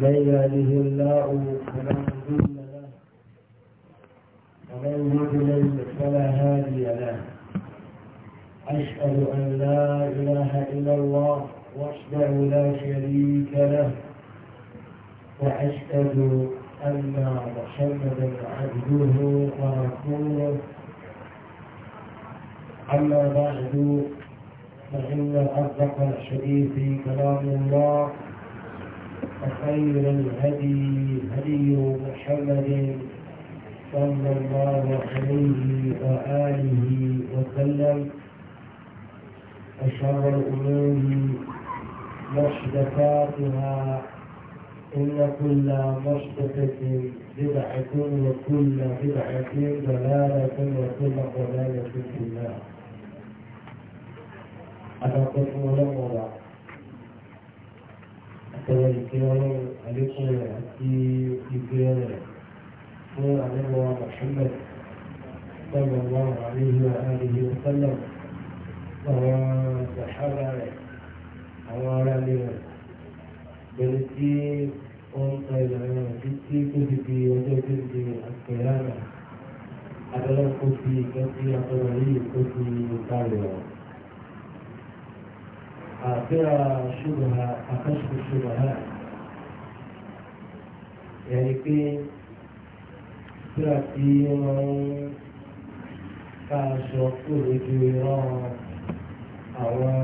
من يهده الله فلا مضل له ومن يضلل فلا هادي له أشهد أن لا إله إلا الله وحده لا شريك له وأشهد أن محمدا عبده ورسوله أما بعد فإن أصدق الحديث كلام الله وخير الهدي هدي محمد صلى الله عليه وآله وسلم وشر الأمور محدثاتها إن كل محدثة بدعة وكل بدعة ضلالة وكل ضلالة في النار. أنا قلت لهم tọrọ ìfẹ́ ọlọ́run àlékún rẹ̀ àti ìfẹ́ rẹ̀ fún àlẹ́wọ̀ àmọ̀ṣúlẹ̀ sọ́lọ̀ wọn àríhì àríhì sọ́lọ̀ àwọn ṣàṣàrà rẹ̀ àwọn ará ilé rẹ̀ bẹ̀rẹ̀ tí ó ń tọ ìlànà rẹ̀ títí tó fi di ọjọ́ tó fi di àpẹ̀yà rẹ̀ adọ́lọ́kọ́ fi ìkẹ́ sí àtọ́rọ̀ yìí tó fi balẹ̀ ọ̀rọ̀ àfihàn ṣubùhà àkàṣù ṣubùhà yẹni pé síra tí wọ́n ń ká aṣọ kúrò ju irọ́ àwọn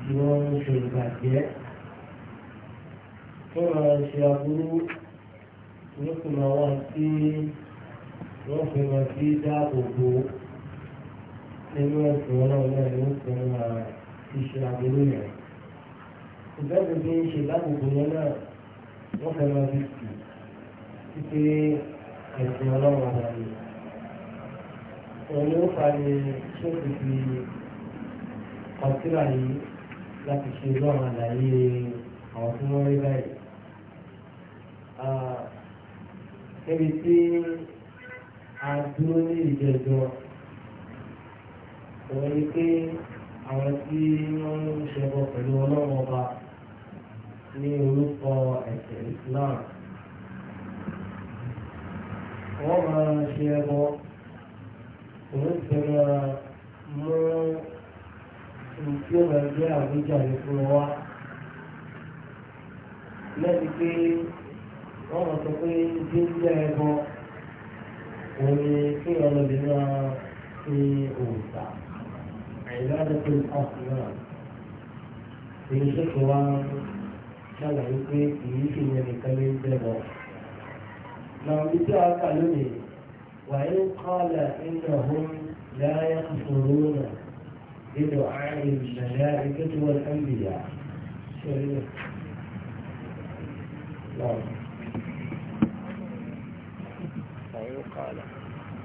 tí wọ́n ń ṣe ìbàjẹ́ tó máa ń ṣe aburú nípìnlẹ̀ ìṣe àgbélé yẹn ìbẹ́ẹ̀ni bí ń ṣe lágbègbè yẹn náà wọ́n fẹ́ lọ bí tù títí ẹ̀sìn ọlọ́run ọ̀dà yìí ó fa ni ṣóòtù fi kọ̀ǹtìrà yìí láti ṣe lọ́rùn àlàyé àwọn tí wọ́n rí báyìí. níbi tí a dúró ní ìjẹ́jọ́ òun pé àwọn tí wọ́n ń ṣẹbọ pẹ̀lú ọlọ́run ní orúkọ ẹ̀sẹ̀ Islam wọ́n máa ṣe ẹbọ òun ti máa mú nǹkan ẹgbẹ́ àwíjàre fún wa lẹ́yìn pé wọ́n mọ̀ sọ pé jíjẹ́ ẹbọ òun ni kí ọlọ́bìnrin máa fi òòtà. عبادة الأصنام في شكوى شرعي في يمكن أن يكمل لو بدأت علمي وإن قال إنهم لا يقصرون بدعاء الملائكة والأنبياء شريف نعم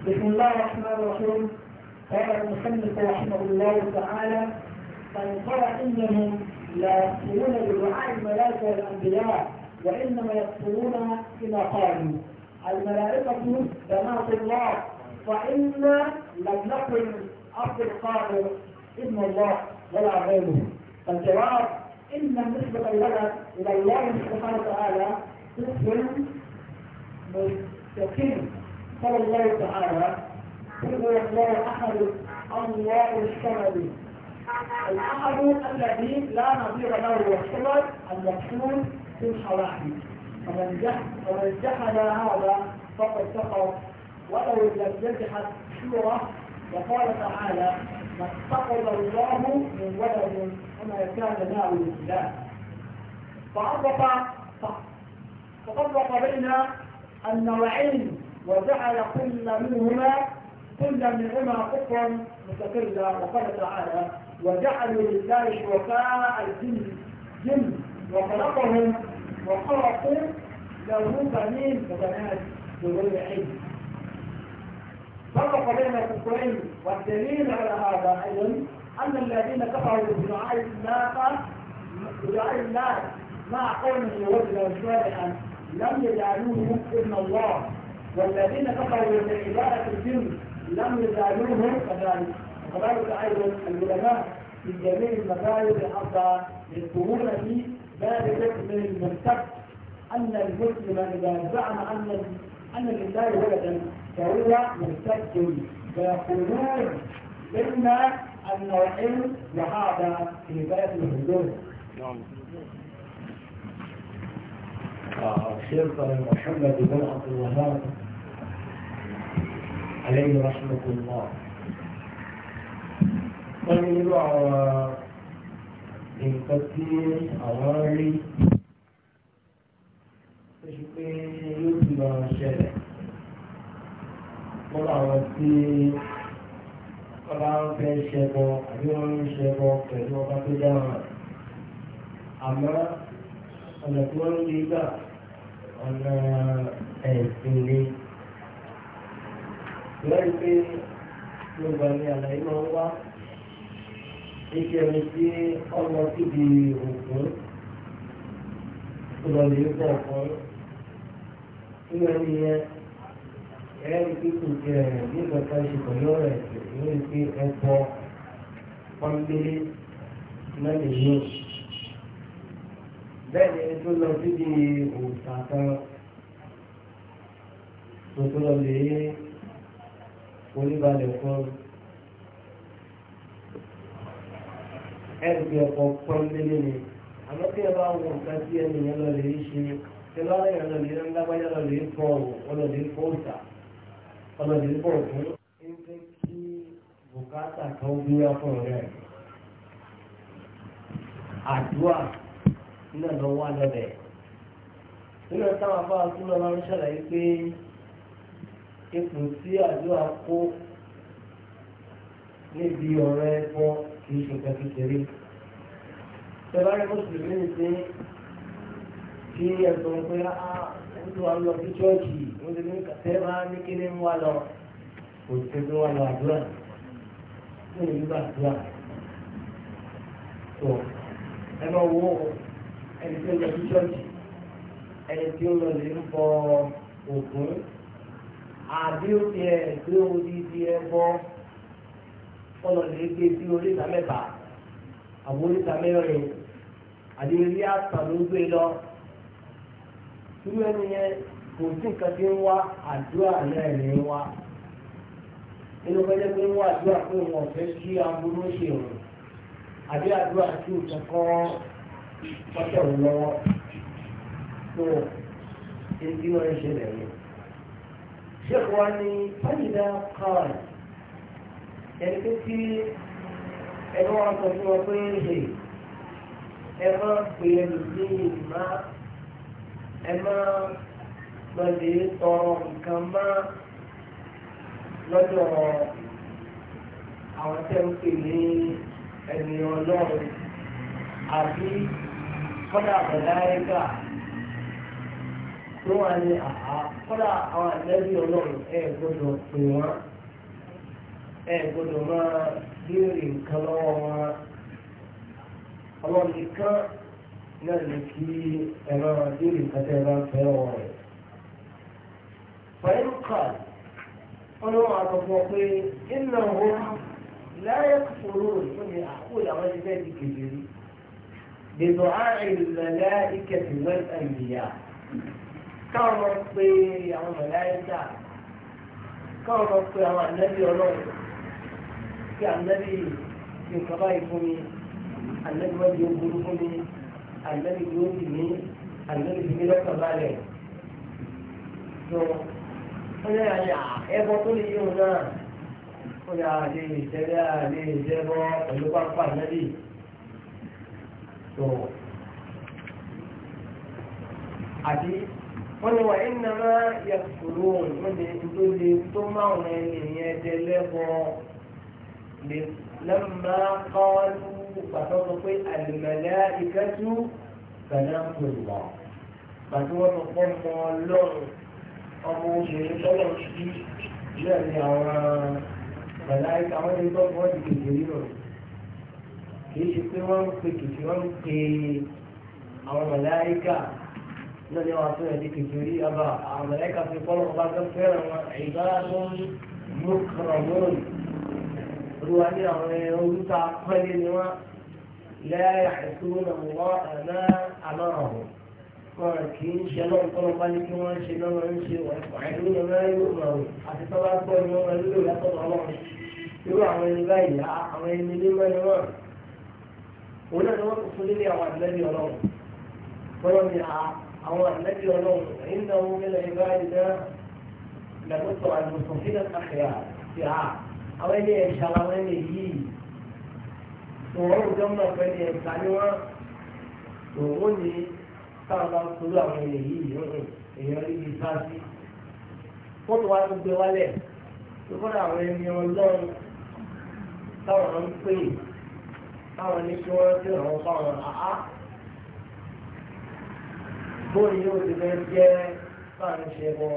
بسم الله الرحمن الرحيم قال المصنف رحمه الله تعالى من ترى إنهم لا يكفرون بدعاء الملائكة والأنبياء وإنما يكفرون بما قالوا الملائكة بنات الله فإنا لم نكن عبد القادر ابن الله ولا غيره فالجواب إن النسبه الولد إلى الله سبحانه وتعالى كفر مستقيم قال الله تعالى إذن الشمل الأحد الذي لا نظير له والشمل المقصود في الحواحد ومن جحد هذا فقد سقط ولو لم يجحد سورة وقال تعالى ما اتخذ الله من ولد وما كان له الله فعرف ففرق بين النوعين وجعل كل منهما كل منهما كفرا مستقلة وقال تعالى وجعلوا لله شركاء الجن جن وخلقهم وخلقوا له بنين وبنات بغير علم فرق بين الكفرين والدليل على هذا ايضا ان الذين كفروا بدعاء الناقه بدعاء الناس مع قومه رجلا شارحا لم يجعلوه ابن الله والذين كفروا بعباده الجن لم يزالوهم كذلك وذلك ايضا العلماء في جميع المذاهب حتى للظهور ذلك من المرتد ان المسلم اذا زعم ان ان لله ولدا فهو مرتد فيقولون ان النوعين وهذا في بلد الهدوء. نعم. آه، الشيخ محمد بن عبد الوهاب عليه رحمة الله wọ́n nínú àwọn nǹkan tí àwọn rí ó ṣe pé yóò ti lọ ṣẹlẹ̀ fún àwọn tí wọ́n bá ń fẹ́ ṣẹbọ àbí wọ́n ń ṣẹbọ pẹ̀lú ọba tó dáhùn àmọ́ ọ̀nà tí wọ́n ń gbé gbà ọ̀nà ẹ̀sìn ni lórí pé yorùbá ni àlàyé máa ń wá ike ẹni tí ọmọ síbi òògùn ìrọ̀lẹ́ ìgbà ọ̀kan nínú ẹni yẹn ẹ̀rí kíkù jẹ nígbà tá a ṣe pẹ̀lú ọ̀rẹ́ lórí pé ẹ̀kọ́ pọ́nbélé náà nìyí bẹ́ẹ̀ ni ẹni tó lọ síbi òòtà kan tó tó lọ lè é. oníbalẹ̀ fún ẹgbẹ́ ọkọ̀ pọ́nlélé ni àmọ́ tí ẹ bá wọ nǹkan tí ẹni yẹn lọ lè ṣe tí ẹ bá wọ yẹn lọ lè ń lágbájá lọ lè fọ ipò tí àdúrà kó níbi ọ̀rọ̀ ẹ̀fọ́ kì í ṣe nǹkan kékeré. Tẹ̀lárí Mùsùlùmí ní sí kí ẹ̀sùn pé á ń tún wa lọ sí ṣọ́ọ̀kì ó ti ní kàtẹ́ máa ní kí ní wà lọ kò sí bí wà lọ àdúrà ní ìlú àdúrà. Tó ẹ máa wo ẹni tí ó lọ sí ṣọ́ọ̀kì ẹni tí ó lọ lè ń bọ ògún àbí ó ti ẹ̀ gbé odidi ẹbọ ọlọ́lẹ̀ gbé sí oríta mẹ́ta àbí oríta mẹ́rin àbí orí àtà ló gbé lọ. irú ẹni yẹn kò sí nǹkan tí ń wá àdúrà náà ní ń wá. inú pẹ́jẹ́ pé ń wá àdúrà pé òun ọ̀fẹ́ kí aburú ṣe òun àbí àdúrà tí òun kan pọ́tẹ̀ òun lọ́wọ́. tó èyí tí wọ́n ń ṣe lẹ́yìn. شيخ واني فإذا قال يعني كنت ẹ̀rọ sọ fún ọ pé ṣe ẹ máa pè é lórí ìmá ẹ máa lọ́lẹ̀ tọrọ nǹkan má lọ́dọ̀ àwọn tẹ́ ń pè ní ẹ̀mí ọlọ́run àbí kọ́dà bọ̀dáríkà. wọ́n wà ní àhá kọ́lá àwọn àtẹ́bí ọlọ́run ẹ̀ gbọ́dọ̀ pè wọ́n ẹ̀ gbọ́dọ̀ máa béèrè nǹkan lọ́wọ́ wọn. ọlọ́run nìkan náà lè kí ẹ̀rọ béèrè nǹkan tẹ́ ẹ bá ń fẹ́ wọn rẹ̀. pẹ̀lú kà ọlọ́run àtọ̀fọ́ pé iná wo láyé kòrò ló ní àkóyè àwọn ẹgbẹ́ ti àárín ìyá. káwọn máa pe àwọn mọ̀láyíkà káwọn máa pe àwọn ànábì ọlọ́run kí ànábì nǹkan báyìí fún mi ànábì wọ́n di ogun fún mi ànábì yóò dì mí ànábì yóò mi lọ́kàn balẹ̀ tó wọ́n yára yà ẹbọ tó lè yíwọn náà wọ́n yára lè tẹ́lẹ̀ àlè ìjẹ́bọ pẹ̀lú pápá ànábì tó àti wọ́n ní wà iná máa yẹ kúrò wọ́n lè tó lè tó máa wọn ènìyàn jẹ lẹ́bọ̀ọ́ lè lẹ́mà kọ́ọ́lù pàtó sọ pé àlùmọ̀lẹ́ ìkẹ́tù kàná kò wà pàtó wọn sọ pé ọmọ ọmọ obìnrin tọ́lọ̀ sí ilé ní àwọn màláìka àwọn ẹni tó wọ́n di kékeré rẹ̀ kì í ṣe pé wọ́n ń pe kìkì wọ́n ń pe àwọn màláìka náà ni wọ́n á tún ẹ̀dí kékeré abá àwọn mẹ̀lẹ́kà fi fọ́lọ́ ọba tó fẹ́ràn wọn ìbáraẹ̀mọ́ mọ́kànlọ́ọ̀nù olúwa ní àwọn orúkọ pẹ́lẹ́ ni wọ́n lẹ́yà ẹ̀sùn ọ̀wọ́ ẹ̀ná àmọ́ràn wọn kì í ṣe náà kọ́ lọ́ba ní kí wọ́n ṣe náà wọ́n ń ṣe ọ̀ẹ́dún náà yóò mọ̀ àti tọ́lá gbọ́ ni wọ́n lò látọ̀ ọlọ́run irú àwọn ẹni báyìí àwọn ẹni nímọ̀ ni wọ́n òun náà ni wọ́n tún fún nílé àwọn àdìlẹ́bí ọlọ́run wọ́n ní a àwọn àlejò ọlọ́run ìnáwó mílẹ̀ ìbá ìdá lẹ́mọ́tò àlùmọ̀tò sílẹ̀ àṣẹyà ti hà àwọn ẹni ẹ̀ṣà làwọn ẹni yìí òun jọ mọ̀ pé ní ẹ̀ṣà ni wọ́n òun ní káàbà kúrú àwọn ẹni yìí èèyàn rí i sá sí wọ́n tó gbé wálẹ̀ tó kọ́ àwọn ẹni ọlọ́run táwọn ń pè táwọn ní kí wọ́n ti ràn wọ́n fáwọn àá bóyí yóò ti fẹ́ jẹ́ fáàrin ṣe bọ́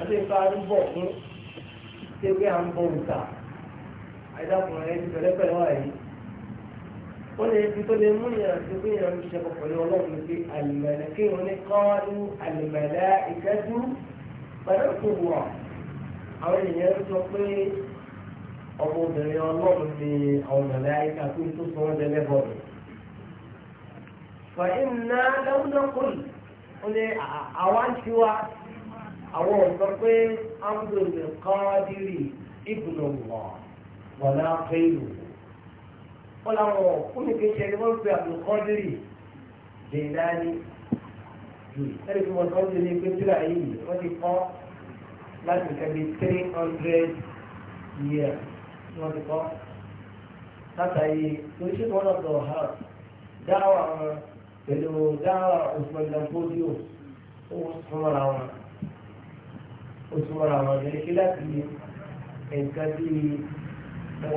àti fáàrin bọ̀ fún tẹ́gbẹ́ à ń bọ̀ òǹtà àìdákùnrin ẹni pẹ̀lẹ́pẹ̀lẹ́ wà yìí wọ́n lè fi tó lè mú ìyàrá tó fi ìyàrá ṣe pọ̀ pẹ̀lú ọlọ́run ní pé àlùmọ̀lẹ́ kí wọ́n ní kọ́ọ́dún àlùmọ̀lẹ́ ìkẹ́jú pẹ̀lú tó wà àwọn ènìyàn sọ pé ọmọbìnrin ọlọ́run ni àwọn mọ̀lẹ́ àyíká tó tó sọ wọ́n dẹ́lẹ́bọ̀rù fàyínà lẹ́wọ́nàkùn ó ní àwa ń tiwa àwọn nǹkan pé amúdòdò kọ́ọ́dírì ìbùnà wọ̀ wọ̀lá péyù wọ́n làwọn kúnìkè ṣe ni wọ́n pe àbùkọ́dírì dèlání ẹni tí wọ́n tọ́jú ní pé tíra yìí wọ́n ti kọ́ láti kẹ́bi three hundred years wọ́n ti kọ́ látàrí oríṣiríṣi wọn lọ́dọ̀ ọ̀hán dáwọ̀ àwọn pẹ̀lú dáhà òṣùpẹ̀lẹ̀fódíò ó súnmọ́ra wọn ó súnmọ́ra wọn lè ṣe láti nǹkan bí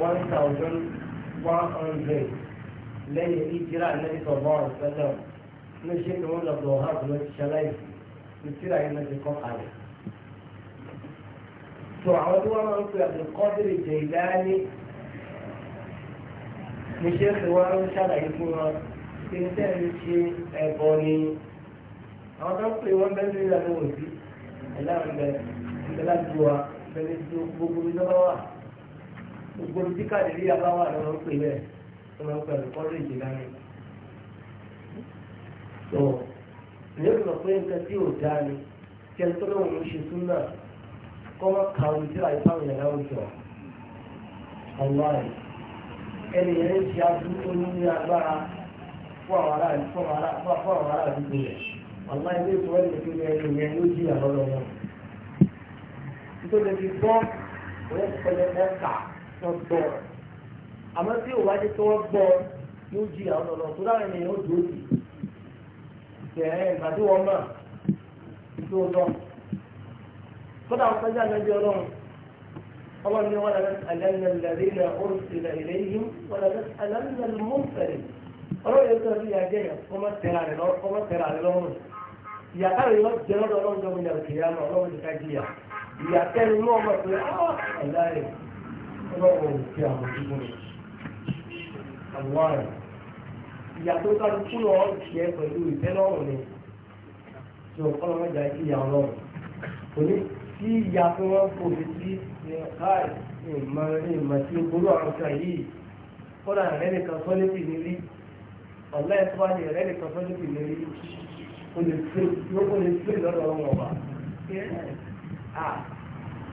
one thousand one hundred lẹ́yìn ìjìrà lẹ́yìn tọ̀bọ̀ ọ̀sẹ̀lẹ̀ ní ṣé kí wọ́n lọ́dọ̀ ọ̀hán tó lọ́ọ́ ti ṣẹlẹ̀ ní tíra yìí lọ́ọ́ ti kọ́ kalẹ̀. tó àwọn tí wọ́n máa ń pè àbùkọ́dìrì jẹ̀ ìdáyà ní ní ṣé kí wọ́n ń ṣàlàyé fún wọn kí n tẹ́ ń ṣe ẹ̀bọ ni àwọn tó ń pè wọ́n bẹ́ẹ̀ ní ìlànà òsì ẹ̀láàrin bẹ́ẹ̀ ìgbẹ́lá ju wa bẹ́ẹ̀ ní gbogbo mi lọ́wọ́ wà gbogbo mi tí kàdérí àbá wà lọ́wọ́ ń pè bẹ́ẹ̀ tó máa ń pè ẹ̀rù kọ́lé ìjìlára tó ní ìlú pé nǹkan tí ò dáa ni kí ẹni tó lóun ló ṣe tún náà kọ́ máa ka orí tí àyíká òun yàrá òjò ọ̀wá rẹ̀ ẹni ń ṣe abúlé ní agbára fún àmọ́ ilé ìfowó ẹni tó wọ́n gbọ́ yóò jí àlọ́lọ́ tó dáhùn ẹni ó dùn ó sì ìgbà tí wọ́n mọ̀ tó lọ. kódà wọn sọ́jà lẹ́bí ọlọ́run ọlọ́run ni wọ́n lẹ́nu alẹ́ nílẹ̀ lẹ́yìn ọ̀rùn sílẹ̀ ìlẹ́yìn wọ́n lẹ́nu alẹ́ nílẹ̀ mọ́fẹ́rẹ́ ọlọ́run yóò tọ́jú ìyá jẹ́ yẹn kọ́mọ́ tẹ̀ra rẹ̀ lọ́rùn ìyàtá rẹ̀ yóò jẹ́ lọ́dọ̀ ọlọ́run jọmọ ìyàwó kìí yá náà ọlọ́run ti ká jìyà ìyàtẹ́ ni wọ́n mọ̀ pé ọ̀la ah, rẹ̀ ọlọ́run ò fi àwọn ojú mi àwọn àrùn ìyàtọ̀ kálukú náà jẹ́ pẹ̀lú ìtẹ́lọ́rùn ni tí ọlọ́run ọjà ìyà ọlọ́run kò ní sí ìyà tí wọ́n kò fi sí káì ìmọ̀ ìmọ̀ tí ó gbóló ọ̀la ẹ̀ tó bá nìkan fẹ́ lókè lórí o lè tún lọ́dọ̀ ọ̀bà.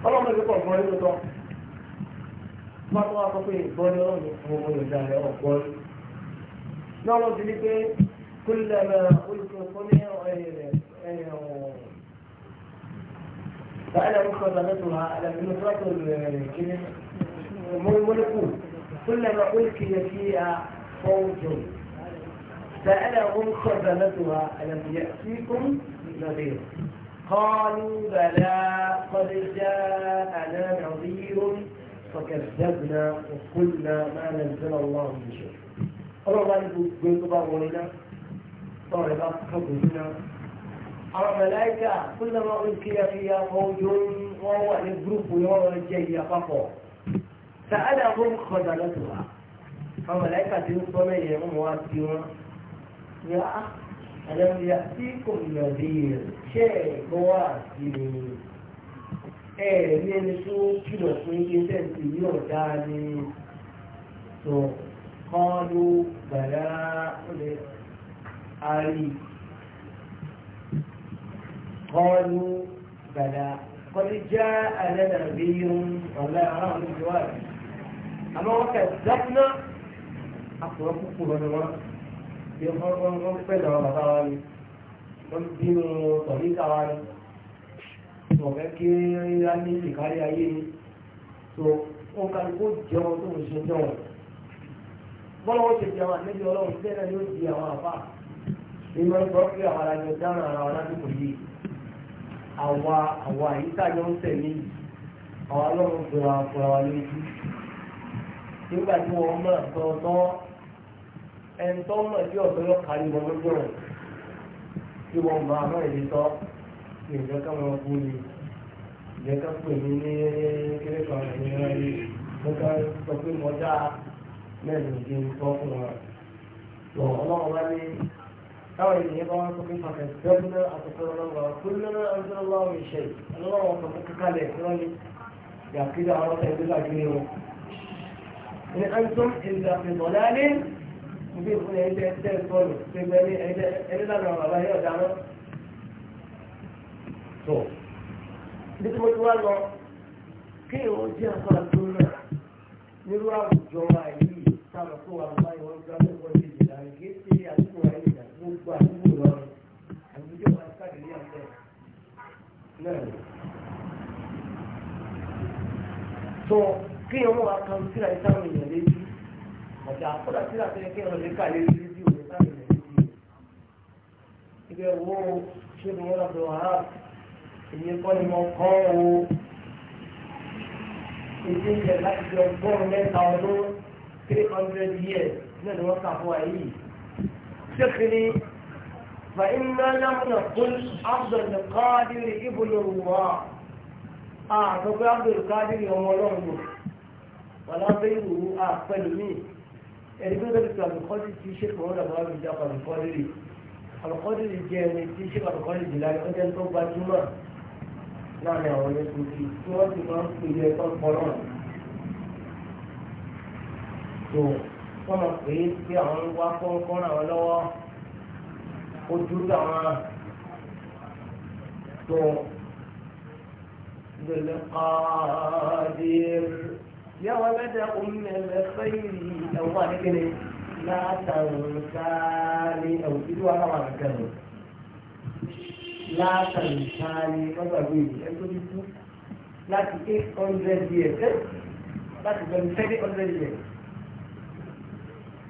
ọlọ́run ló kọ̀ fún ẹ lóòótọ́ má tó wá sọ ìgbọ́ ni ọlọ́run fún ọmọ ìdá rẹ̀ ọ̀gbọ́ rí. náà ti ní pé kúlẹ̀ náà olùkọ́ tó ní ẹ̀yìn ọ̀hún. فأنا مخرجتها على نصرة الملك كلما ألقي فيها فوج فأنا خزنتها ألم يأتيكم نذير قالوا بلى قد جاءنا نذير فكذبنا وقلنا ما نزل الله من شيء أرغب بيت بارولنا طالب حكمنا أرى ملائكة كلما ألقي فيها فوج وهو الجروب وهو الجاية فقط فأنا هم خزنتها فملائكة تنصمي يوم واسكي ya alam ya'tikum nadhir ṣe ẹ̀gbọ́n wà sí i ẹ̀ẹ̀rí ẹni tó kìlọ̀ fún yín tẹ̀sí yìí ọ̀dá ni tó kọ́ọ́lù bàrá ọ̀lẹ́ àárí kọ́ọ́lù bàrá kọ́lí já àlẹ́nà bí yún ọ̀lá ara ọ̀lẹ́ ìjọba àmọ́ wọ́n kẹ̀ dákúná àpòrọ̀ púpọ̀ lọ́dọ̀ wọn bí wọ́n pẹ̀lú àwọn bàbá wa ni wọ́n bínú tọ̀líkà wa ni ọ̀fẹ́ kí á ní ayé ni tó wọ́n ká kó jẹun tó ń ṣe jẹun bọ́lá wọ́n jẹun àti ẹgbẹ́ ọlọ́run bẹ́ẹ̀ yóò di àwọn àbá nínú ẹgbẹ́ àwọn alájọ dáhùn ara wọn lásìkò yìí àwa àwa àyíká jọ ń tẹ̀lé yìí àwọn ọlọ́run fúnra fúnra wa lójú nígbà tí wọ́n mọ̀ tọ́tọ́ ẹ̀ńtọ́ mọ̀ sí ọ̀dọ́ yọ kárí wọn lójú rẹ̀ kí wọ́n mọ àmọ́ èyí tọ́ ìjẹ́ ká wọn bú mi ìjẹ́ ká pè mí ní kéré kan ìrìnà yìí mo ká sọ pé mo dá mẹ́rin ìdí tọ́ fún wa lọ ọlọ́run bá ní táwọn ènìyàn bá wọn sọ pé pàtàkì dẹ́gbẹ́ àtúntò ọlọ́run kó lórí ọjọ́ ọlọ́run ìṣe ọlọ́run ọ̀sán fún kíkalẹ̀ ìrọ́lẹ̀ yàtúndà ọlọ́run ẹgbẹ́ lágbèrè wọn. ni antum ìlà ìbọ̀lá ní ibi ìfún ẹni tẹ́ tẹ́ bọ́ọ̀lù gbẹgbẹ́ ní ẹni lábẹ́ àwọn bàbá yóò dáná. tó bí tí mo ti wá lọ kí ìwọ́n jẹ́ àpá tó náà nírú àwùjọ àìlú táwọn fún wa bàbá ìwọ́n gbá lẹ́kọ̀ọ́ sí ìjìlá rẹ̀ kí ṣe àdúgbò àìlú ìjà gbogbo àdúgbò lọ́rùn àwùjọ wa káàdì ní àjẹ náà tó kí ìwọ́n wà kan síra ìtàwọn èèyàn létí ọ̀dà kódà tí a fẹ́ kí ọ̀rọ̀ lè kà lé rédíò lè kà lé rédíò. ibẹ̀ wo ṣé mo yọ̀rọ̀ bọ̀ wá èyí kọ́ ni mo kọ́ o èyí ń jẹ láti fi ọgọ́rùn-ún mẹ́ta ọdún three hundred years náà ni wọ́n kà fún wa yìí. ṣé kiri فإنا لم نقل عبد القادر ابن الله أعطوك عبد القادر يوم ولونه ولا غيره أقبل منه ẹni pé bẹ́ẹ̀ sọ àlùkọ́dì tí ṣe kò wọ́n làwọn àbíjà àlùkọ́dì rè àlùkọ́dì rè jẹ́ ẹni tí ṣe àlùkọ́dì rè láti ọjọ́ tó gbajúmọ̀ láàrin àwọn ẹni tó fi tí wọ́n ti máa ń pè ní ẹ̀kọ́ pọ́nrọ́ tó wọ́n mọ̀ pé pé àwọn ń wá kọ́ńkọ́ ràn wọ́n lọ́wọ́ ojú àwọn tó lè lè kọ́ يا ولد أم الخير الله كده لا تنساني أو كده أنا ما أتكلم لا تنساني ما بقول أنتوا بتقول لا تيجي أنزل ديك لا تيجي أنزل ديك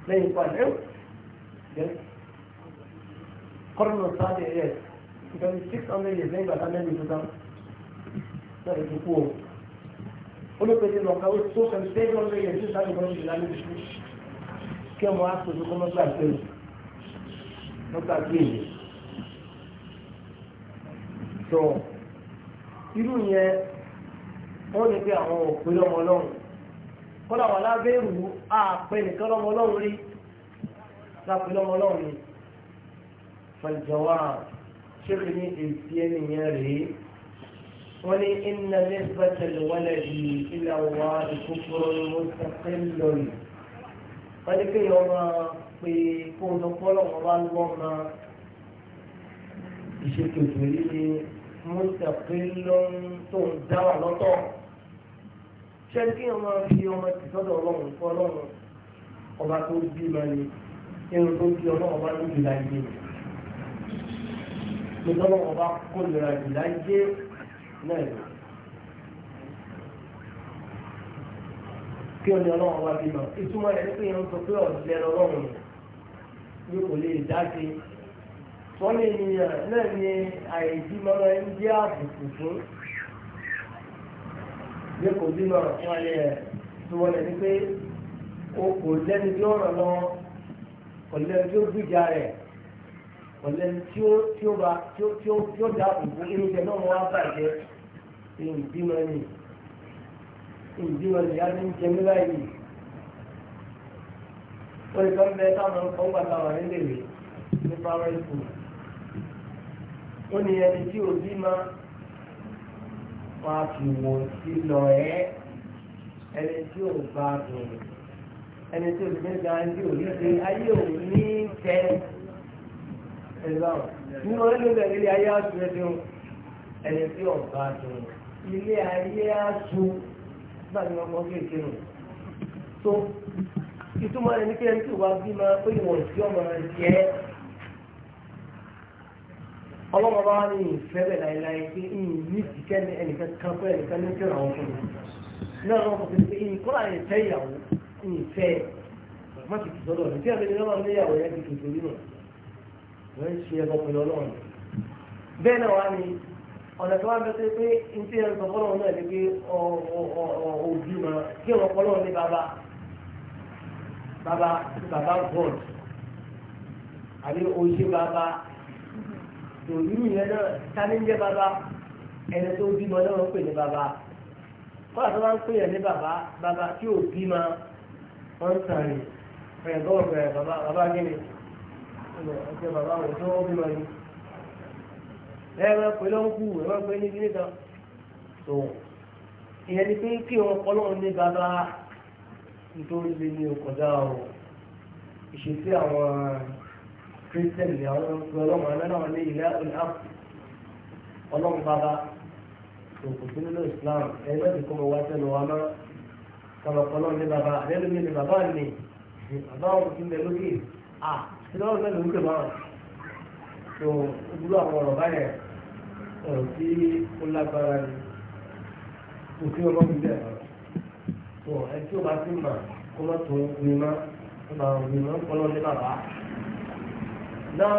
لا يقال قرن الصادق yes كان 600 زي ما كان النبي صلى الله عليه وسلم olóòpèsè lọ́ka ó tó sẹ́ni tẹ́jọ́ ń lẹ́yìn tí sáré kan ṣùgbọ́n ní ìṣú kí ọmọ àpòjù kọ́ mọ́gbà gbèrè mọ́gbà gbèrè tó irú yẹn wọ́n ní pé àwọn òpè lọ́mọ lọ́rùn kọ́lá wà lábẹ́rù àpẹ nìkan lọ́mọ lọ́rùn rí lápẹ́ lọ́mọ lọ́rùn ni fàlìjọ́wà ṣé kìíní èsì ẹni yẹn rèé. ولأن نسبة الولد إلى الله كفر مستقل فلك يوم في كون قول الله ìṣètò ìtòrí mọ́tàkìlọ́ tó ń dá wà lọ́tọ̀. ṣé kí wọ́n máa fi ọmọ tì sọ́dọ̀ ọlọ́run fún ọlọ́run ọba tó bí ma ni irun tó bí ọlọ́run ọba ló jùlá jẹ. nítorí ọba kó lura jùlá jẹ náà kí ọ̀nà ọlọ́run wá bímọ ìtumọ̀ rẹ̀ pé ń sọ pé ọ̀sẹ̀ ọlọ́run ni kò lè dá sí wọ́n lè nìyàn náà ni àìbímọ rẹ̀ ń jẹ́ àbùkù fún bí kò bímọ wọn lè tí wọ́n lè ní pé o kò lẹ́ni tí ó ràn lọ́wọ́ kò lẹ́ni tí ó gbìjà rẹ̀ kò lẹ́ni tí ó bá tí ó dáàbò fún irúgbẹ́ náà wọ́n á bàjẹ́ ìbímọ ni ìbímọ ni yá ti ń jẹ mí báyìí wọ́n ìkan bẹ táwọn ọkọ̀ ń gbàtà wà nílèwé ní primary school ó ní ẹni tí ò bímọ wọn á fi wò sí lọ ẹ́ ẹni tí ò bá dùn ẹni tí ò bí mẹ́ta ẹni tí ò rí ṣe ayé ò ní tẹ ẹ lọ ilé ayé aṣọ nígbà tí wọ́n kọ́ sí ìkírun tó ìtumọ̀ rẹ̀ ní kí ẹni tí ò bá bí máa pé ìwọ̀n sí ọmọ rẹ̀ jẹ́ ọlọ́mọ bá ní ìfẹ́ bẹ̀ láìláì pé ìyìn ní ìkẹ́ ní ẹnìkan kan pé ẹnìkan ní kíra wọn fún mi náà wọ́n kò tẹ̀lé ìyìn kọ́lá yẹn fẹ́ ìyàwó ìyìn fẹ́ má ti tìtọ́ lọ tí àbẹ̀ni náà ní ìyàwó yẹn ti tìtọ́ nínú wọ́n ń ṣe ẹbọ pẹ̀lú ọlọ́run bẹ́ẹ̀ náà wá ní ọ̀nà tó wá bẹ pé pé ntí ẹ̀ ń sọ fọlọ́run náà ni pé òbí mà kí ọ̀rọ̀ fọlọ́run ní bàbá bàbá bàbá god àbí oṣù bàbá tòlú yẹn náà tani ń jẹ bàbá ẹni tó bímọ náà ń pè ní bàbá kọ́lá tó bá ń pè yẹn ní bàbá bàbá tí ò bímọ wọ́n ń sàn rè bàbá bàbá gíní ẹ̀jẹ̀ bàbá wò tó bímọ yìí ẹ̀rọ pẹ̀lú ọ̀nkú ẹ̀rọ pẹ̀lú ní kíní kan tó ìyẹn ni pé kí wọn kọ́ lọ́run ní bàbá nítorí lè ní ọkọ̀dá o ìṣesí àwọn kírísítẹ́nì àwọn ọ̀nkú ọlọ́run aláwọ̀ ní ilẹ̀ ọ̀làpù ọlọ́run bàbá tó kò sí nínú Islam ẹ̀rọ ti kọ́ mọ wá sẹ́nu wa mọ́ kọ́mọ kọ́ lọ́run ní bàbá àdéhùn mi ní bàbá mi bàbá òun ti ń bẹ lókè à ṣé lọ́run ló ń pè máa àwọn ọ̀rọ̀ báyẹn ọ̀rọ̀ tí ó lágbára ni kò sí ọlọ́run bẹ́ẹ̀ rà tó ẹ tí ó bá ti mà kó má tó gbìmọ̀ ọ̀nà gbìmọ̀ ọlọ́run ní bàbá. náà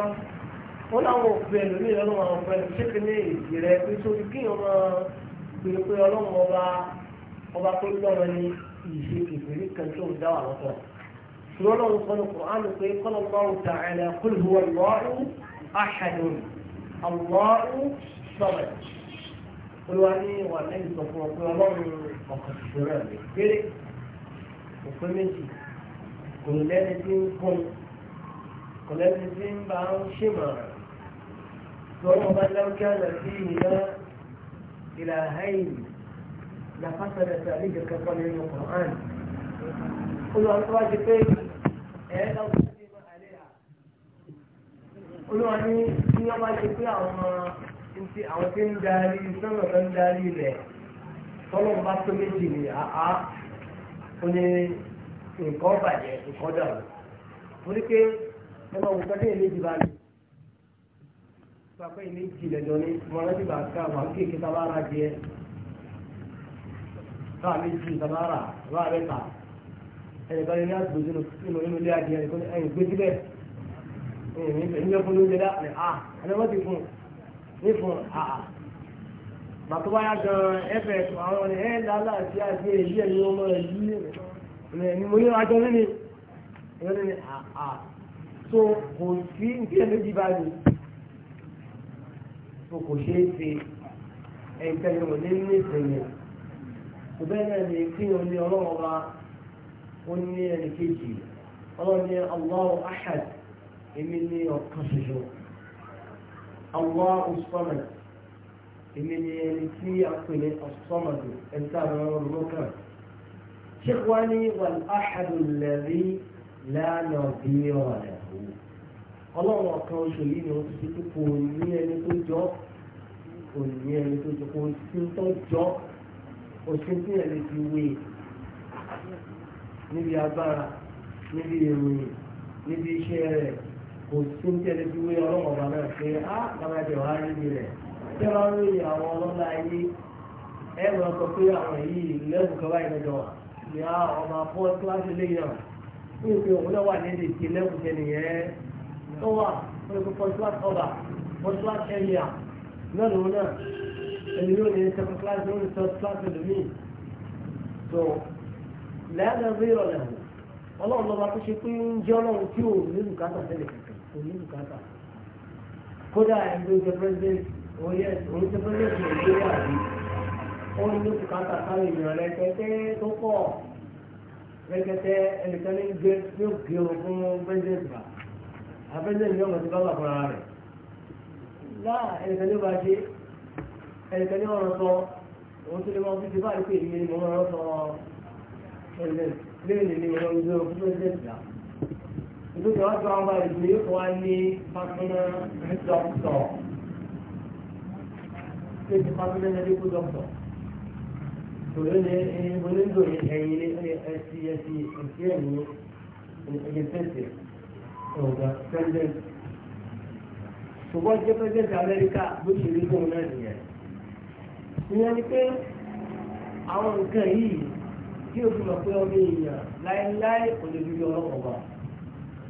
wọ́n láwọn òfin ẹlòmíì lọ́nà àwọn ọ̀fẹ́ ṣé kí ní èdè rẹ pé sórí kí èèyàn máa gbé pé ọlọ́run ọba ọba tó lọ́rọ̀ ni ìṣe kékeré kan tó ń dá wà lọ́tọ̀. ṣùgbọ́n ọlọ́run sọ ní kùránù pé kọ́nà sọ̀rọ̀ olúwa ní wà lẹ́yìn sọ fún ọ pé ọlọ́run ọkàn ṣoṣo rẹ̀ lè kéré òpin méjì kò lẹ́ni tí ń fún kò lẹ́ni tí ń bá ń ṣèmọ̀ràn tó wọn bá lọ́kẹ́ àná sí ìlà ìlà hayin na fásitì tàbí ìjọba kan nínú Quran olúwa tó wá ti pé ẹ̀ẹ́dọ́gbọ̀n olúwa ní bí wọ́n bá ti pé àwọn ntí àwọn tí ń darí sọ́nà tó ń darí rẹ̀ tọ́lọ́ bá tó méjì ní àá ó ní nǹkan bàjẹ́ nǹkan dàrú torí pé ẹgbẹ́ òun kan tí èmi jì bá lò pàpẹ́ èmi jì lẹ́jọ́ ní mo rántí bá ká wà ń kéèké tá a bá ra jẹ tá a méjì tá a bá rà bá a bẹ tà ẹnì kan ní àgbò sínú nínú nínú ilé adìyẹ ẹnì kan ẹnì gbé síbẹ̀ ẹnì mi fẹ́ ní ọkùnrin ló ń jẹ dá ẹ̀ à ẹ̀ lọ́wọ́ ti fún un nífun àà bàtọ́ bá yá gan ẹ̀fẹ̀ àwọn ọ̀nà ẹ̀ lálá àti àti èyí ẹ̀yìn ọmọ èyí ẹ̀mí mo ní ajọ nínú ẹ̀yọ́ nínú àà so kò sí nǹkan méjì báyìí so kò ṣeé ṣe ẹ̀ǹkan yẹn wọ̀n ní ní ìsinmi kò náà lè kí wọn ní ọlọ́wọ́ wa ó ní ẹnì kejì ọlọ́wọ́ ní Allahu ahad èmi ní ọ̀kan ṣoṣo. Allahu Samad èmi ni ẹni tí a pè ní As-Samad ẹni tí a bẹ̀rẹ̀ wọn lọ kàn. Sheikh wa ni wal-ahad alladhi la nadhira lahu. Ọlọ́run ọ̀kan oṣù yìí ni ó ti ti kò ní ẹni tó jọ kò ní ẹni tó jọ kò sí tó jọ kò sí tí ẹni ti wé níbi agbára níbi ìròyìn níbi iṣẹ́ rẹ̀ kò sí ní tẹ́lẹ̀ bí wé ọlọ́mọ ọba náà pé á bàbá jẹ wàá rí ibi rẹ̀ tẹ́ wàá rí àwọn ọlọ́lá ayé ẹ máa sọ pé àwọn yìí lẹ́bùn kan báyìí lọ́jọ́ wà ní ọmọ afọ́ kíláàsì lẹ́yìn náà ní ìpè òun náà wà níbi ìpè lẹ́bùn tẹ́ nìyẹn tó wà wọ́n ti fọ́ kíláàsì ọba fọ́ kíláàsì ẹ̀yà náà náà ẹni yóò ní sẹ́kọ̀ kíláàsì lórí ní bùkátà tẹ́lẹ̀ kò ní bùkátà kódà ẹni tó jẹ president oyè òun jẹ president nàìjíríà yìí ó ní bùkátà káwọn èèyàn rẹpẹtẹ tó pọ̀ rẹpẹtẹ ẹnìkan ní gbé yóò gé o fún president bá a president yóò mọ̀ sí bá wà fúnra rẹ̀ láà ẹnìkan ní bá ṣe ẹnìkan ní ọ̀rọ̀ sọ òun tó lè máa fi ti báyìí pé èmi ni mo máa sọ president lẹ́yìn ni mo máa ń gbé o fún ìlú tí wọ́n ti wọ́n wá ìlú yìí fún wa ní fásitì dọ́kítọ̀ ṣé ti fásitì mẹ́díkù dọ́kítọ̀ tòló ní onídò ẹ̀yìn ẹ̀sì ẹ̀sì ẹ̀sì ẹ̀yìn ẹ̀yìn tẹ̀sẹ̀ ọ̀gá president ṣùgbọ́n jẹ́ president Amẹ́ríkà bó ṣe rí fún un náà nìyẹn ìyẹn ni pé àwọn nǹkan yìí kí o fi mọ̀ pé ọmọ èèyàn láéláé kò lè dúró ọlọ́kọ̀ọ́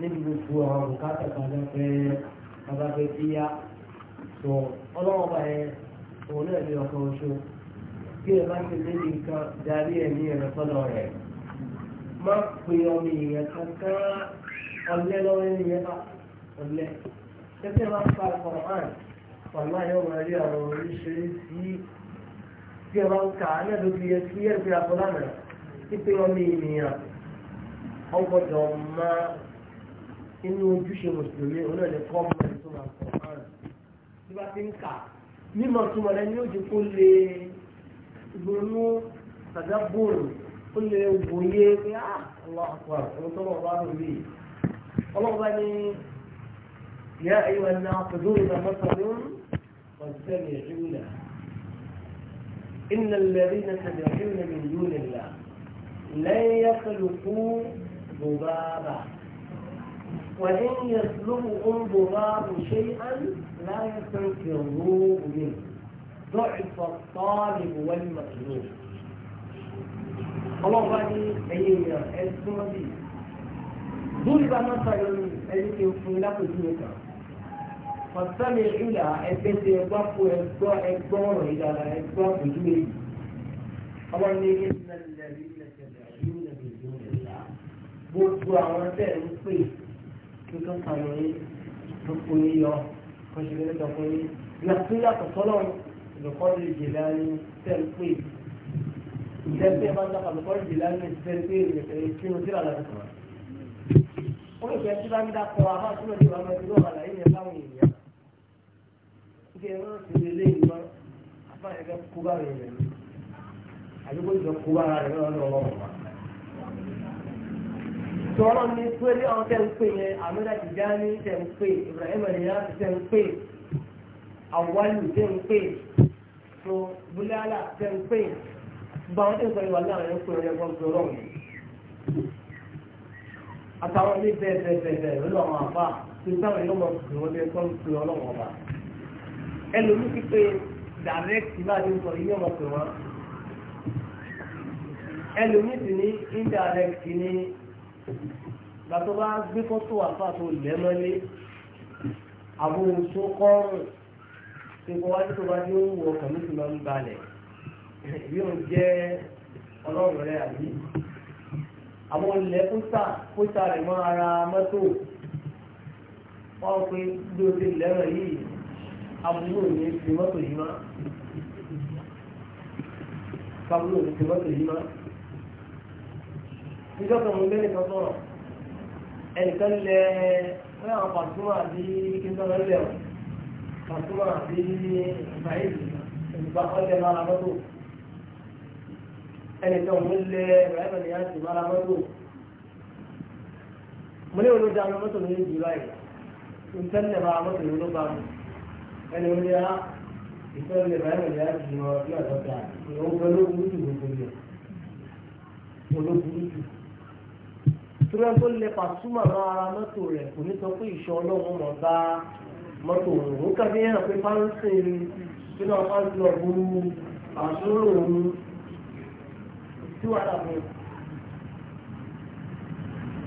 níbi gbogbo àwọn bùkátà padà pé bàbá pé kí yá sọ ọlọ́wọ́n bá yẹn òun náà ní ọkọ̀ oṣù bí ẹ bá ti lébi nǹkan darí ẹ̀mí ẹ̀rọ sọ́dọ̀ rẹ̀ má pe ọmọ èèyàn kankan ọlẹ́ lọ́wọ́ ẹni yẹn bá ọlẹ́ tẹ́tẹ́ bá ń pa ọ̀rọ̀ hàn ọ̀nà yóò máa rí àwọn oríṣiríṣi tí ẹ bá ń kà á náà ló fi yẹ kí ẹ fi àpò lánàá pípé ọmọ ènìyàn ọgbọ́dọ̀ máa inú ojúṣe mùsùlùmí òun náà lè kọ́ ọmọ rẹ̀ tó máa kọ̀ ọ̀rọ̀ tí bá ti ń kà mímọ̀ túmọ̀ rẹ̀ ní òjò kó lè gbónú tàdábòrò ó lè wòye pé á ọlọ́ọ̀pọ̀ àwọn tó wọ́n bá rò rí ni yá ìwà náà pẹ̀lú ìdàmọ́sọ̀rọ̀ والسمعون إن الذين تدعون من دون الله لن يخلقوا ذبابا وإن يسلبهم ضرار شيئا لا يستنكروه منه ضعف الطالب والمطلوب الله غني أيها السمدي ضرب مثلا الذي في لفظك فاستمعوا لها التي يضاف الضرر إلى الضرر جميل الله إن الذين تدعون من دون الله بوصوا عن سعر الصيف kí ó tó ń sànù yín tó kó yín yọ kó ṣe lẹ́tọ̀ fún yín ìgbà tó yàtọ̀ sọ́lọ́ lùkọ́lù ìjìláni tẹ̀ ń pè ìjẹ́pẹ́ bá ń dàpọ̀ lùkọ́lù ìjìláni tẹ̀ ń pè kí ó ti rà lọ́dọ̀ wọ́n lè fẹ́ tí bá ń dàpọ̀ àbá tí wọ́n ti wà lọ́dọ̀ yóò hàlàyé yẹn fáwọn èèyàn ṣe ẹ̀rọ ti lè lé ìgbà àbá yẹn fẹ́ kó bá rẹ̀ rẹ̀ àdúgbò ìjọ kó bá rẹ̀ lọ́wọ́ sọ̀rọ̀ ní pẹ́lú àwọn tẹ́ ń pè yẹn àmọ́dá ti já ní tẹ́ ń pè Ibrahim ẹ̀yà ti tẹ́ ń pè àwálù tẹ́ ń pè tó búláàlà tẹ́ ń pè bá wọn tẹ́ ń sọ ìwà láàrin ń pè ọ̀rẹ́ wọn sọ̀rọ̀ wọn. àtàwọn ní bẹ́ẹ̀ bẹ́ẹ̀ bẹ́ẹ̀ bẹ́ẹ̀ lọ́wọ́ àwọn àbá tó sáwọn yóò mọ̀ pé wọ́n bẹ́ẹ̀ kọ́ ń pè ọlọ́wọ́ wa. ẹlòmí ti pé direct bá a ti sọ ilé ọmọ pè wọn ẹlòmí ti ní indirect ní gbàtọ́ bá gbé kọ́tò àfa tó lẹ́ mọ́lé àbòrò tó kọ́rùn tí kò wájú tó bá dé ń wọ ọkàn ló ti máa ń balẹ̀ yóò jẹ́ ọlọ́run rẹ àbí àwọn ilẹ̀ kúta kúta rẹ̀ mọ́ ara mọ́tò wọ́n pe bí o ti lẹ́rọ̀ yìí abúlé òní ti mọ́tò yìí má abúlé òní ti mọ́tò yìí má níjọ́ kan mo gbé nìkan sọ̀rọ̀ ẹnìkan lẹ wọ́n yàrá pàtúmọ̀ àbí kíntàn lẹ́lẹ̀ o pàtúmọ̀ àbí ìbáyìí ìgbà ọ̀lẹ̀ mára mọ́tò ẹnìkan mo lẹ ìbáyìí ọ̀lẹ̀ yàrá ti mára mọ́tò mo ní olóòjà àwọn mọ́tò ní ìlú báyìí nǹkan lè mára mọ́tò ní olóòjà mi ẹni olè á ah, ìfẹ́ lè máa ẹ̀rọ ìyá ti lọ ní ọ̀dọ́ta ìwọ̀n olóògùn jù gbogbo rẹ̀ olóògùn jù torí ẹni tó lè pàtúmọ̀ lọ ara mọ́tò rẹ̀ kò ní sọ pé ìṣọ́ ọlọ́run mọ̀ bá mọ́tò òun ó kàbí hàn pé fáńsì nínú fáńsì ọ̀gbọ́n àdúrò òun tí wàá dàbọ̀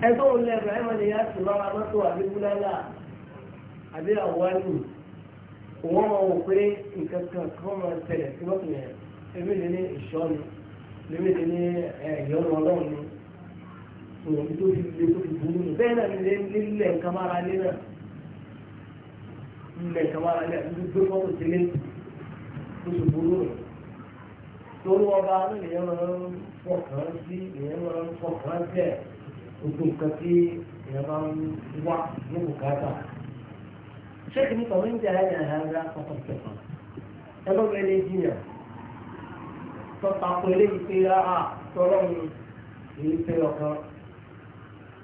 ẹgbẹ́ òun lẹ Ibrahim Adéyà sì lọ́ra mọ́tò àbíbúlálà àbí àwọ̀lù òun ọmọ wò pé nǹkan kan kan máa tẹ̀lé sí mọ́tò yẹn èmi lè ní ìṣọ́ ni èmi lè ní ẹ̀yọ́nù ọlọ́run ni sọ̀rọ̀ tó fi lè tó fi burú nù bẹ́ẹ̀ náà nílé nílé nǹkan mára lé náà nílé nǹkan mára lé àti gbé mọ́tò sílé tó fi burú nù torí ọba nìyẹn máa ń fọkàn sí ìyẹn máa ń fọkàn tẹ̀ gbogbo nǹkan tí ìyẹn máa ń wá ní bùkátà. ṣé kìíní kan ń jẹ́ ẹ̀yà ẹ̀rá kọ́kọ́ tẹ̀kọ́ ẹ lọ́wọ́ ẹni jìyà tọ́ta pẹ̀lú ìpè àà tọ́lọ́run èyí fẹ́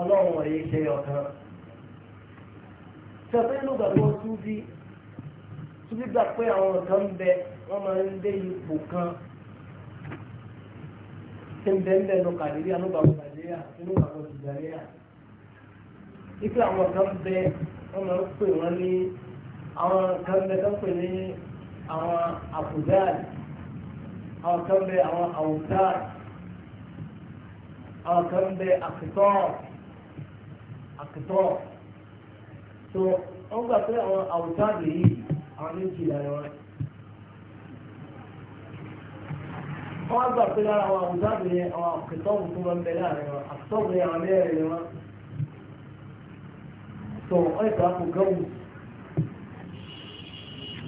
ọlọ́run rẹ̀ ṣe ọ̀kan sọfẹ́ ló gbàgbọ́ túbí túbí gbà pé àwọn nǹkan ń bẹ wọ́n máa ń dé ipò kan tí ń bẹ ń bẹ lọ kàdérí alóbàbọ̀ nàìjíríà àwọn àbùdáàlì àwọn kan bẹ àwọn àwùtáàlì àwọn kan bẹ àkìtọ́ọ̀lì àkìtọ́rọ̀ so wọ́n gbà pé àwọn àwùjáde yìí àwọn méjì lára wọn. wọ́n gbà pé lára àwọn àwùjáde yẹn àwọn àkìtọ́rù tó máa ń bẹ láàrin wọn àkìtọ́rù yẹn àwọn mẹ́rin yẹn wọn. tó wọ́n ìgbà kò gáwù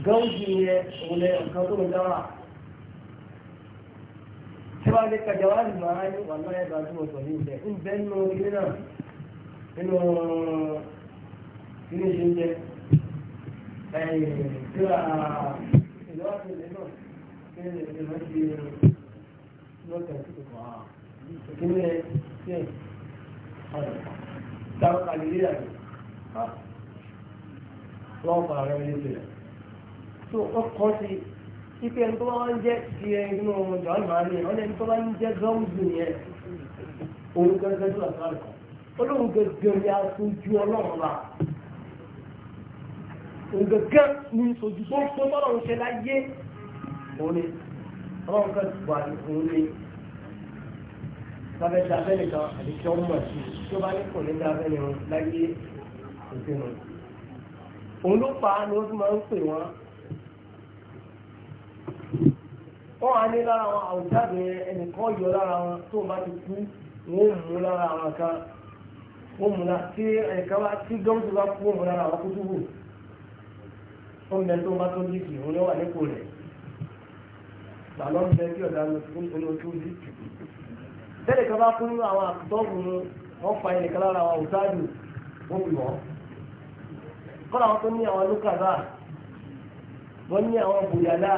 gáwù jù yẹn òun lẹ nǹkan tó ń dára. tí wọ́n á lè ka jawáàlì màá ní wàlúwàá yẹn bá tó wọ̀ sọ̀rọ̀ yìí bẹ́ẹ̀ ń bẹ́ẹ̀ nù ilé náà nínú ilé ìṣẹ́jẹ tí ìlú àti ilé náà kí ni ìlú ti lọ́tẹ̀ tó kọ̀ á kí ni ṣe ọ̀rọ̀ táwọn kàlílé àti wọ́n pa ara ẹni sílẹ̀ tó ọkọ̀ sí ipe ẹni tó bá wọ́n jẹ́ ti ẹnu ọjọ́ àmàlẹ́ ọ̀nà ẹni tó bá ń jẹ́ zọ́ọ̀mù yẹn òun gẹ́gẹ́ tó àtàlùkọ̀ olóhùn gẹ́gẹ́ rí aṣojú ọlọ́run la òun gẹ́gẹ́ ní sojú tó tó tọ́lọ̀ ń ṣe láyé òun ni ọlọ́run kan ti wà ní òun ni lábẹ́ ti abẹ́lẹ̀ kan àti tí wọ́n mọ̀ sí tí ó bá ní kò ní dá abẹ́lẹ̀ wọn láyé òfin wọn òun ló fà á ni ó máa ń pè wọ́n wọ́n á ní lára wọn àwùjáde ẹnìkan yọ lára wọn tó bá ti kú wọ́n mú lára wọn kan wọ́n múra tí ẹ̀ka wá tí gọ́ọ̀mù bá kú òun lára àwọn kútùbù wọ́n mẹ́ tó bá tó líkì òun ló wà nípò rẹ̀ bàbá ń bẹ kí ọ̀dà olóòtú rí tẹ́lẹ̀ kan bá kú àwọn àtọ́bù wọn fa ẹnìkan lára àwọn òtáàdù wọ́n bì wọ́n kọ́lá wọn tó ní àwọn lókàdá wọ́n ní àwọn bòyàdá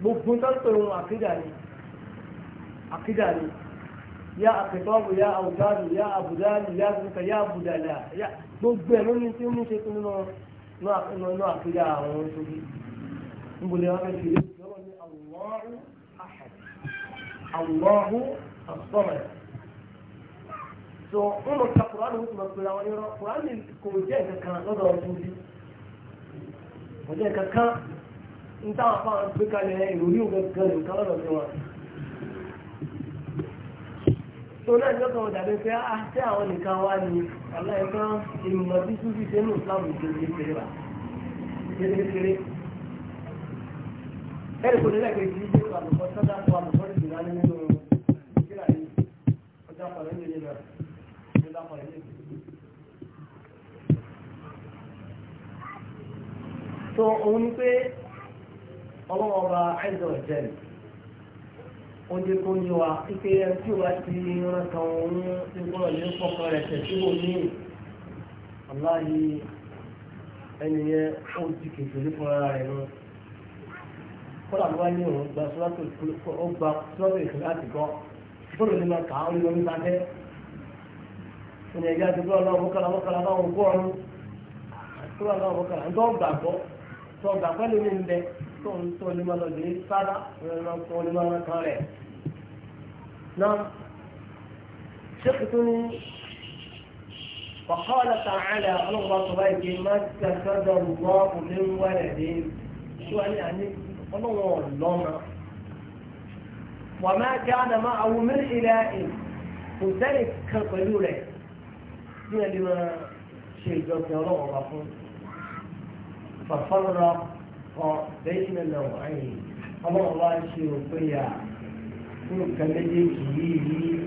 gbogbo tó ń pè wọn àkídà ni àkídà ni. yá àpẹtọ́ọ̀bù yá ya yá àbùdáàdù ya àbùkà yá àbùdàlà yá gbogbo ẹ̀ ló ní tí ó ní ṣe nínú nínú a àwọn sókè níbolẹ̀ wọn fẹ́ fi lé ìjọba ní Allahu Allahu so wọn lọ ta kuraani wọn tún bá pèrè àwọn yọrọ kuraani kò jẹ́ kankan tó náà nígbà kan dàbí pé á ah, tẹ ah, àwọn nìkan wá ní aláìsàn ìmọ̀ bí súbì sínú ìsìláàmù ìṣẹ̀lẹ̀ kéré wa ìṣẹ̀lẹ̀ kéré ẹ̀rì kò nílẹ̀ òun ni pé ọlọ́wọ́ ọba àìsàn ọ̀jẹ̀ onye jẹ́ kó wa pípé tí o bá ti rán kan òun ti gbọ́dọ̀ lé fọkàn rẹ̀ tẹ̀ síbò ní aláàyè ẹnìyẹn ó di kékeré fúnra rẹ̀ lọ. kọ́lá wá ní òun gba sọ́látò ó ìkìlá ti gbọ́ bọ́ọ̀lù نعم شيخ توني فقال تعالى الله سبحانه ما اتخذ الله من ولد شو يعني الله الله وما كان معه من إله وذلك كالقلولة من لما شيء جوك يا الله ففرق بين النوعين الله الله يشير فيها nǹkan méjèèjì yìí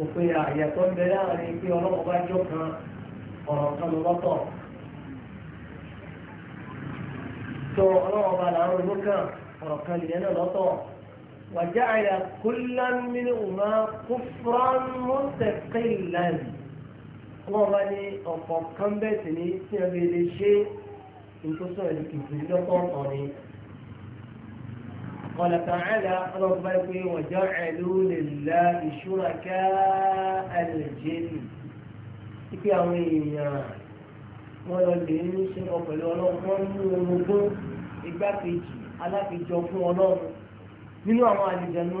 òpin àyẹ̀tọ́ ń bẹ láàrin pé ọlọ́wọ́ bá jọ kan ọ̀rọ̀ kan ló lọ́tọ̀. tó ọlọ́wọ́ bá làárọ̀ ló kàn ọ̀rọ̀ kan lè náà lọ́tọ̀. wàjá àyà kullan minhuma kufran mustaqillan. wọ́n bá ní ọ̀pọ̀ kan bẹ́ẹ̀ sì ní tí a lè ṣe nítòsọ̀rọ̀ ìdìkìtì lọ́tọ̀ọ̀tọ̀ ni. قال تعالى ربك وجعلوا لله شركاء الجن ipe àwọn èèyàn wọn lọ lè ń ṣe ọ pẹ̀lú ọlọ́run wọn mú orogún igbákejì alákejọ fún ọlọ́run nínú àwọn àlìjẹnú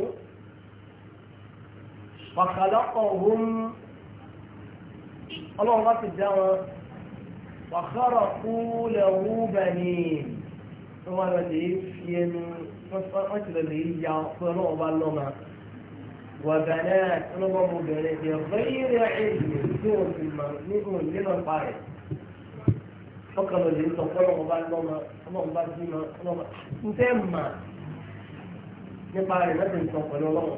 wàkàlọ́kọ̀ òun ọlọ́run bá ti dá wọn wàkàrọ̀ kú lẹ́wọ́ bẹ̀rẹ̀ wọn lọ lè fi ẹnu wọ́n ti lọ lè ya pé ọlọ́wọ́ bá lọ́mà wàbẹ̀rẹ̀ ọlọ́wọ́ mo bẹ̀rẹ̀ ẹ̀ bẹ́yìí rẹ̀ ẹ̀yìn tí wọ́n ti mọ̀ ní òun nínú pa rẹ̀ ọkàn lọ lè sọ pé ọlọ́wọ́ bá lọ́mà ọlọ́wọ́ bá bí mọ̀ ọlọ́wọ́ ń tẹ́ mà nípa rẹ̀ lọ́sẹ̀ ń sọ pẹ̀lú ọlọ́wọ́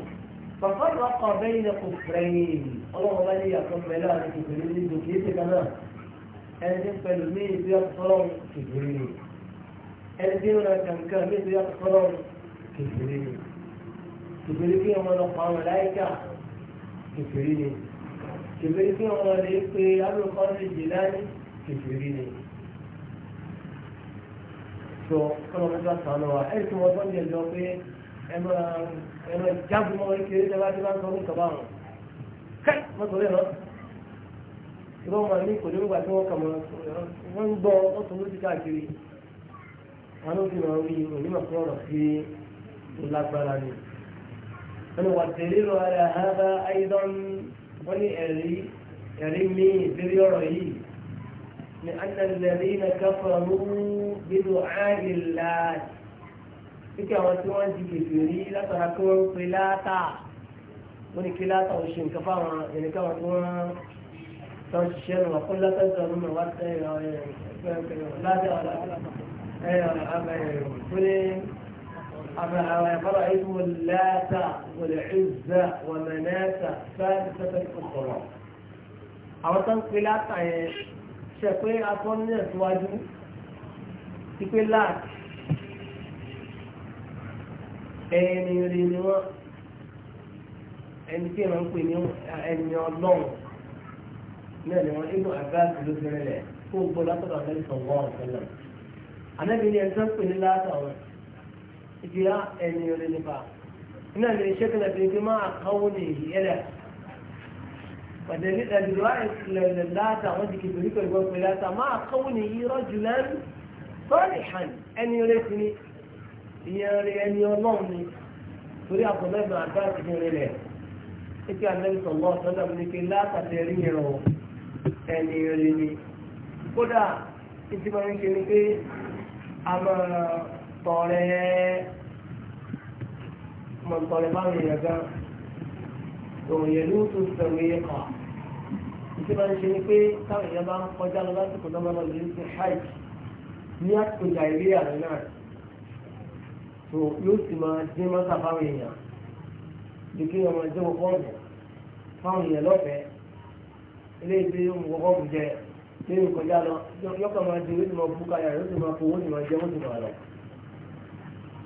bàbá ìlú ọkọ̀ bẹ́yìí rẹ̀ kò fẹ́yìn ọlọ́wọ́ bá lè yàtọ̀ pẹ̀lú àti kòkòrò ní ìdòkè é ẹni tí ń ra kankan ní ìtòyà kọ́kọ́rọ́ kékeré ni kékeré kí wọn lọ pa àwọn láyíká kékeré ni kékeré kí wọn lè pe alùpùpù ní ìjìláni kékeré ni. sọ kọ́nà wọn bá sànù wa ẹni tí wọn tó ń jẹ lọ pé ẹ máa ẹ máa jágun mọ́ kékeré tí a bá ti bá ń sọ fún kaba wọn. káì wọ́n sọ lẹ́nu ìwọ́n máa ní kò ní wọ́n kà mọ́ wọ́n ń gbọ́ wọ́n tó lójú káàkiri. wọn ló fi wọn wí onímọ̀ fún ọ̀rọ̀ sí lágbára ni wọn ni wà tẹ̀lé lọ ara hábà ayédán wọn ní ẹ̀rí ẹ̀rí mi ìbéèrè ọ̀rọ̀ yìí ni annalẹ́rìnà káfàrú nínú àìlá kíkẹ́ àwọn tí wọ́n di kèfèrí látara kí wọ́n ń pe láàtà wọ́n ní kí láàtà ò ṣe nǹkan fáwọn ẹnìkan wọn tí wọ́n tán ṣiṣẹ́ nù wọ́n kó látà ìtàn nínú wá tẹ́ ìrọ̀ ẹ̀ láàtà ọ̀la أما فرأيتم اللات والعزة ومناة ثالثة أخرى àwọn tó ń pe látàyẹ ṣe pé akọni náà síwájú ti pé láàt ẹni rí ni wọn ẹni tí wọn ń pè ní ẹni ọlọ́run náà ni wọn inú àgbà ló fi rẹ̀ kó gbọ́dọ̀ tó bàbá ìsọ̀gbọ́n ọ̀sẹ̀ náà. ànábi ní ẹni tó ń pè ní látàwọn ibi á ẹni rẹ nípa iná ní iṣẹ́ kan àti ẹgbẹ́ máa káwọ́ ní èyí ẹ̀rẹ̀ pàtẹ́lí ẹ̀dùrọ̀ àìsílẹ̀ látàwọn ti kìbìrì pẹ̀lú ọ̀pẹ̀ látà máa káwọ́ ní èyí rọ́jù lẹ́nu sọ́ọ̀lìhàn ẹni rẹ sí ni ìyẹn rẹ ẹni ọlọ́run ni torí àpọ̀lẹ́gbẹ̀ àgbà ìdírin rẹ̀ títí àmẹ́sàn lọ sọ́dọ̀ ní pé àmọ́ tọ̀rẹ́ mọ̀ tọ̀rẹ́ báwọn èèyàn gan òòyẹ̀ ló tún sọ̀rọ̀ yẹ kàn ìṣe máa ń ṣe ni pé táwọn èèyàn bá ń kọjá lọ lásìkò náà máa lọ lè ṣe hajj ní àsìkò nàìjíríà náà tó yóò sì máa dín mọ́tà fáwọn èèyàn bí kí wọ́n máa jẹ́ wọ́n bọ́ọ̀lù fáwọn èèyàn lọ́fẹ̀ẹ́ eléyìí tí ó ń wọ́n jẹ́ ṣé ìkọjá lọ yọkọ̀ máa di oṣù máa bú káyà oṣù máa fowó oṣù máa jẹ oṣù máa lọ.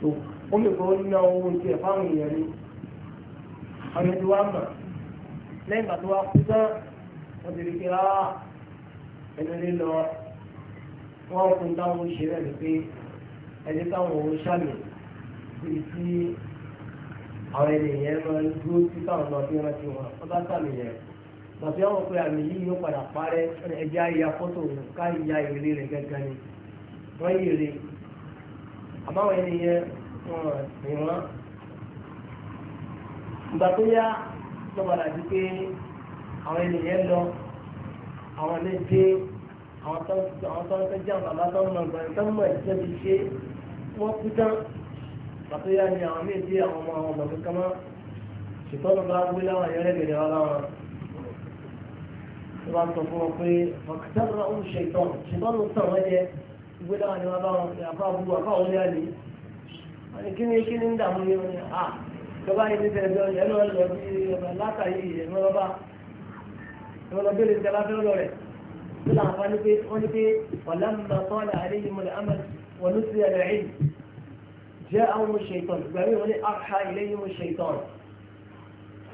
tó ó lè fọwọ́ nínú àwọn ohun tiẹ̀ fáwọn èèyàn ni àwọn ẹni wá mà lẹ́yìn ìgbà tó wá kú tán wọ́n ti rí kí á ẹni lé lọ wọ́n fún táwọn ṣe rẹ̀ ni pé ẹni táwọn òun ṣàmì síbi tí àwọn ènìyàn máa ń dúró sí táwọn lọ bí ti wọn wọ́n bá ṣàmì yẹn bàtí àwọn pé àmì yìí yóò padà parẹ́ ẹjẹ́ àyà fọ́tò ká ìyá èrè rẹ̀ gẹ́gẹ́ ni wọ́n yí èrè àbáwọn ẹni yẹn wọ́n rìn wọ́n. ìgbà tó yá ló padà di pé àwọn ẹni yẹn lọ àwọn ilé dé àwọn tó ń tẹ́jà bàbá tó ń mọ ìgbà tó ń mọ ìṣẹ́ ti ṣe wọ́n kú tán bàtó yá ni àwọn méjì àwọn ọmọ àwọn ọmọ kankan mọ́ ṣùgbọ́n bàbá wí láwọn ẹ̀yẹ́rẹ́ gẹ̀dẹ̀ wá láwọn tó bá sọ fún wọn pé ọ̀kẹ́tẹ́rọ ń ṣe ìtàn ṣùgbọ́n ló tàn wọ́n jẹ ìgbé dáhà ni wọ́n bá wọn àfa bu àfa wọn lé àlè àti kí ni kí ni ń dààmú yẹn wọn à lọ́ba ah, yìí ní tẹ̀lé ọ̀yẹ́ ẹ̀ lọ́ọ́ lọ bí ọ̀bà látàyè ẹ̀rọ lọ́ba ẹ̀rọ lọ́ba lè tẹ̀lé afẹ́rẹ́ lọ rẹ̀ tó là ń fa ní pé wọ́n ní pé ọ̀làmùbá tọ́lá àlẹ́yìn mọ̀lẹ́ amẹ́ wọn ló ti ẹ̀rẹ̀ ẹ̀yìn jẹ́ àwọn ṣètọ́n gbẹ̀rẹ̀ wọn ní àkà ìlẹ́yìn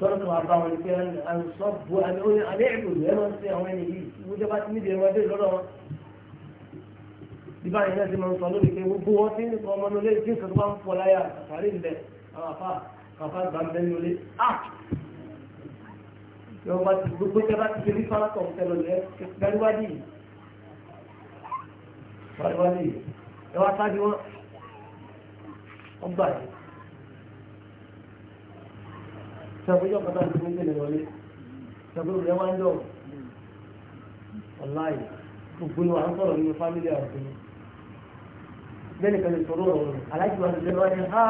tọ́lọ́tù àbáwọn ní pé àǹsọ́ bu àlẹ́ àlẹ́ ìgbòho ẹ̀ máa ń ṣe àwọn ẹni yìí wọ́n bá ti níbi ẹ̀rọ ẹgbẹ́ lọ́dọ̀ wọn. bíbá yìí náà ti máa ń sọ lórí pé gbogbo wọn ti ń sọ ọmọ nulẹ̀ tí nǹkan tó bá ń fọ láyà àtàrí ìlẹ̀ àwọn àfa àfa gbà ń bẹ́ nulẹ̀ á. ìjọba ti gbogbo tẹ bá ti ṣe ní fáńtọ̀ tẹlọ lẹ gbẹrúwádì gbẹrúwádì ẹ wá sáájú wọn ọgbà yìí sọ̀bùjọ́ kọ́tà ti ń gbèlè lọ́lé sọ̀bùjọ́ rẹ̀ wá ń dọ̀ ọ̀láì gbogbo ni wà ń sọ̀rọ̀ nínú fámìlì àti bẹ́ẹ̀ nìkan lè sọ̀rọ̀ ọ̀rọ̀ aláìsí wa ti lè lọ́wọ́ ní ha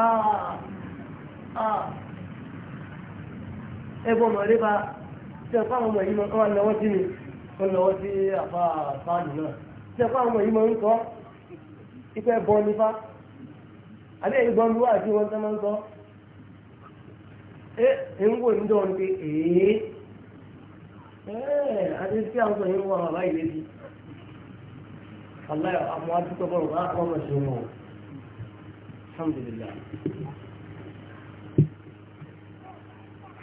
ẹgbọ́n ọmọ rẹ bá ṣe ẹ̀kọ́ àwọn ọmọ yìí máa ń wá lọ́wọ́ sí mi ó lọ́wọ́ sí àfa àfáàlì náà ṣe ẹ̀kọ́ àwọn ọmọ yìí máa ń sọ ipa ẹ̀bọ nípa àbí ẹ̀gbọ́n mi wà àti wọn tẹ́ máa ẹ ń wò ní dọ̀ ní pé èé ẹ àti sí àwọn sọ̀rọ̀ yẹn wọ lébi aláì àwọn adúgbò bọ̀rọ̀ wọn àwọn ọmọ ìṣòro wọn alhamdulilayi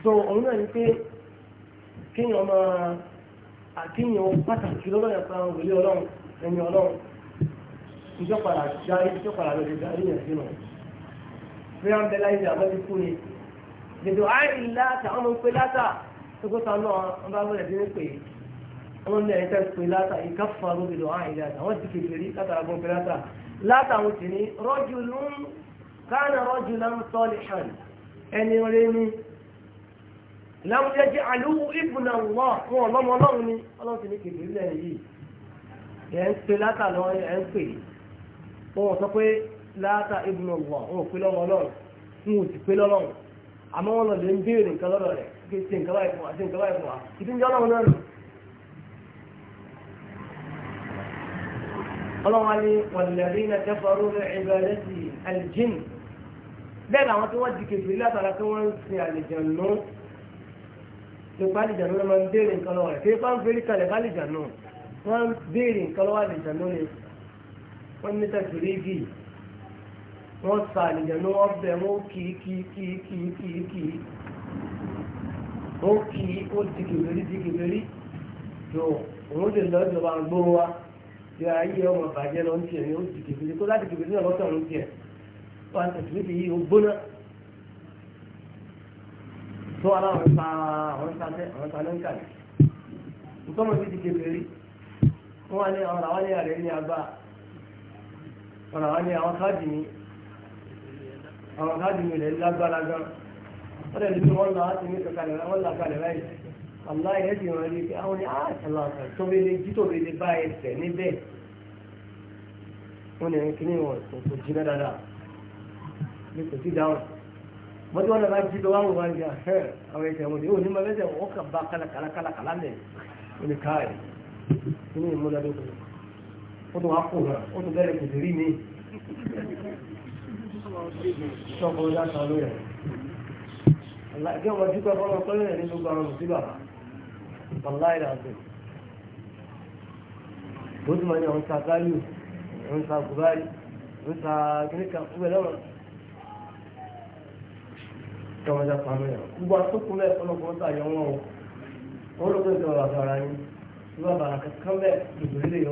so òun náà ní pé kéèyàn máa àkéèyàn pàtàkì lọ́dọ̀ yẹn pa àwọn ọlọ́run ẹni ọlọ́run ìjọpàdà jáde ìjọpàdà lọ́dẹ jáde yẹn sínú. Bí wọ́n bẹ láyé àbọ̀dé kú ni dèdò àìlá táwọn ọmọ ń pè látà tókòtà náà wọn bá wọlé dín pè wọn lè tẹ pè látà ìka fàrọ dèdò àìlá àwọn ti fi fèrè látara gbọ́n pè látà látà àwọn ti ní ló ń kánà ń tọ́lé hàn ẹni rẹ ni jẹ àlùwò wọn Ọlọ́run ni Ọlọ́run ti ní yìí ń pè látà àmọ́ wọn lọ lè ń béèrè nǹkan lọ́dọ̀ rẹ̀ kí ṣe nǹkan báyìí fún wa ṣe nǹkan báyìí fún wa ìdí ń jẹ́ ọlọ́run náà nù. ọlọ́run á ní wàlẹ́rí náà kẹfọ́rú ní ìbẹ̀rẹ̀sì aljin bẹ́ẹ̀ làwọn tí wọ́n di kèfèrí látara tí wọ́n ń sin àlìjànú nípa àlìjànú náà máa ń béèrè nǹkan lọ́wọ́ rẹ̀ kí bá ń fẹ́rí kalẹ̀ fálìjànú wọ́n ni wọ́n wọ́n sa àlìjẹ̀nú wọ́n bẹ̀ wọ́n kì í kì í kì í kì í kì í kì í ó kì í ó di kìbìrí di kìbìrí tó òun lè lọ ìjọba gbóró wa tí ayé ọmọ bàjẹ́ lọ ń tiẹ̀ ní ó di kìbìrí kó láti kìbìrí náà lọ́tọ̀ ń tiẹ̀ wọ́n á tẹ̀sí níbi yìí ó gbóná tó aláwọ̀ ń pa àwọn sáfẹ́ àwọn sáfẹ́ ń kàlẹ̀ nǹkan mọ̀ sí di kìbìrí wọ́n á ní àwọn àwọn àlẹ́ àrẹ ní àbá àwọn àwọn àlẹ́ àwọn káàdì ní àwọn káàdì mi rẹ̀ lágbára gan wọ́n lè dúró wọn lọ láti ní kankalẹ̀ wọn là kalẹ̀ báyìí aláì ẹ̀ sì rán rí pé àwọn ni á ṣàlọ́ àṣà tóbele jí tóbele bá ẹsẹ̀ níbẹ̀ wọ́n lè kí ni wọn kò jiná dáadáa ní kò sí dáhùn mọ́tò wọn lọ bá jí lọ wá wọn jà ẹ̀ àwọn ẹ̀sẹ̀ wọn ni ó ní ma bẹ́sẹ̀ wọ́n kà bá kálákálákálá lẹ̀ wọ́n lè káàdì kí ni ìmúnadókòó ó tún wá kó hàn ó tún bẹ́rẹ̀ kò sí rí mi ṣọ́kùnrin láta lórí ẹ̀ ẹgbẹ́ ọmọ dúpẹ́ fọ́nà pẹ́lú ẹ̀ nínú gbọ́nà sí bàbá bàbá ìrànṣẹ́ ó ti máa ní ọ̀nta gálù ọ̀nta gùbárì ọ̀nta gíníkà fún ẹ̀ lọ́rọ̀ tọmọdé pàmò yẹn gbogbo àtúkù mẹ́ ọlọ́kùnrin tà yọ wọn o wọ́n lọ́kùnrin tọrọ àtàrà yín ní bàbá kankan bẹ́ẹ̀ ìgbèrè lè yọ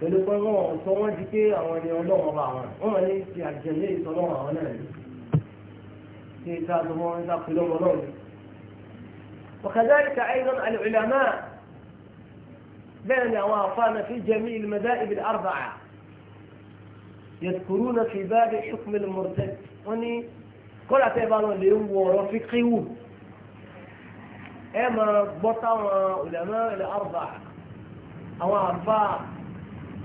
pẹ̀lú pé wọ́n sọ wọ́n di pé àwọn ẹni ọlọ́wọ́ bá wọn wọ́n ní ti àjẹlé ìtọ́lọ́wọ́ àwọn náà ni ṣe ta tó wọ́n ń sáfù lọ́wọ́ náà ni. وكذلك أيضا العلماء بين وافانا في جميع المذاهب الأربعة يذكرون في باب حكم المرتد وني كل أتبعنا اليوم ورفقه أما بطا علماء الأربعة أو أربعة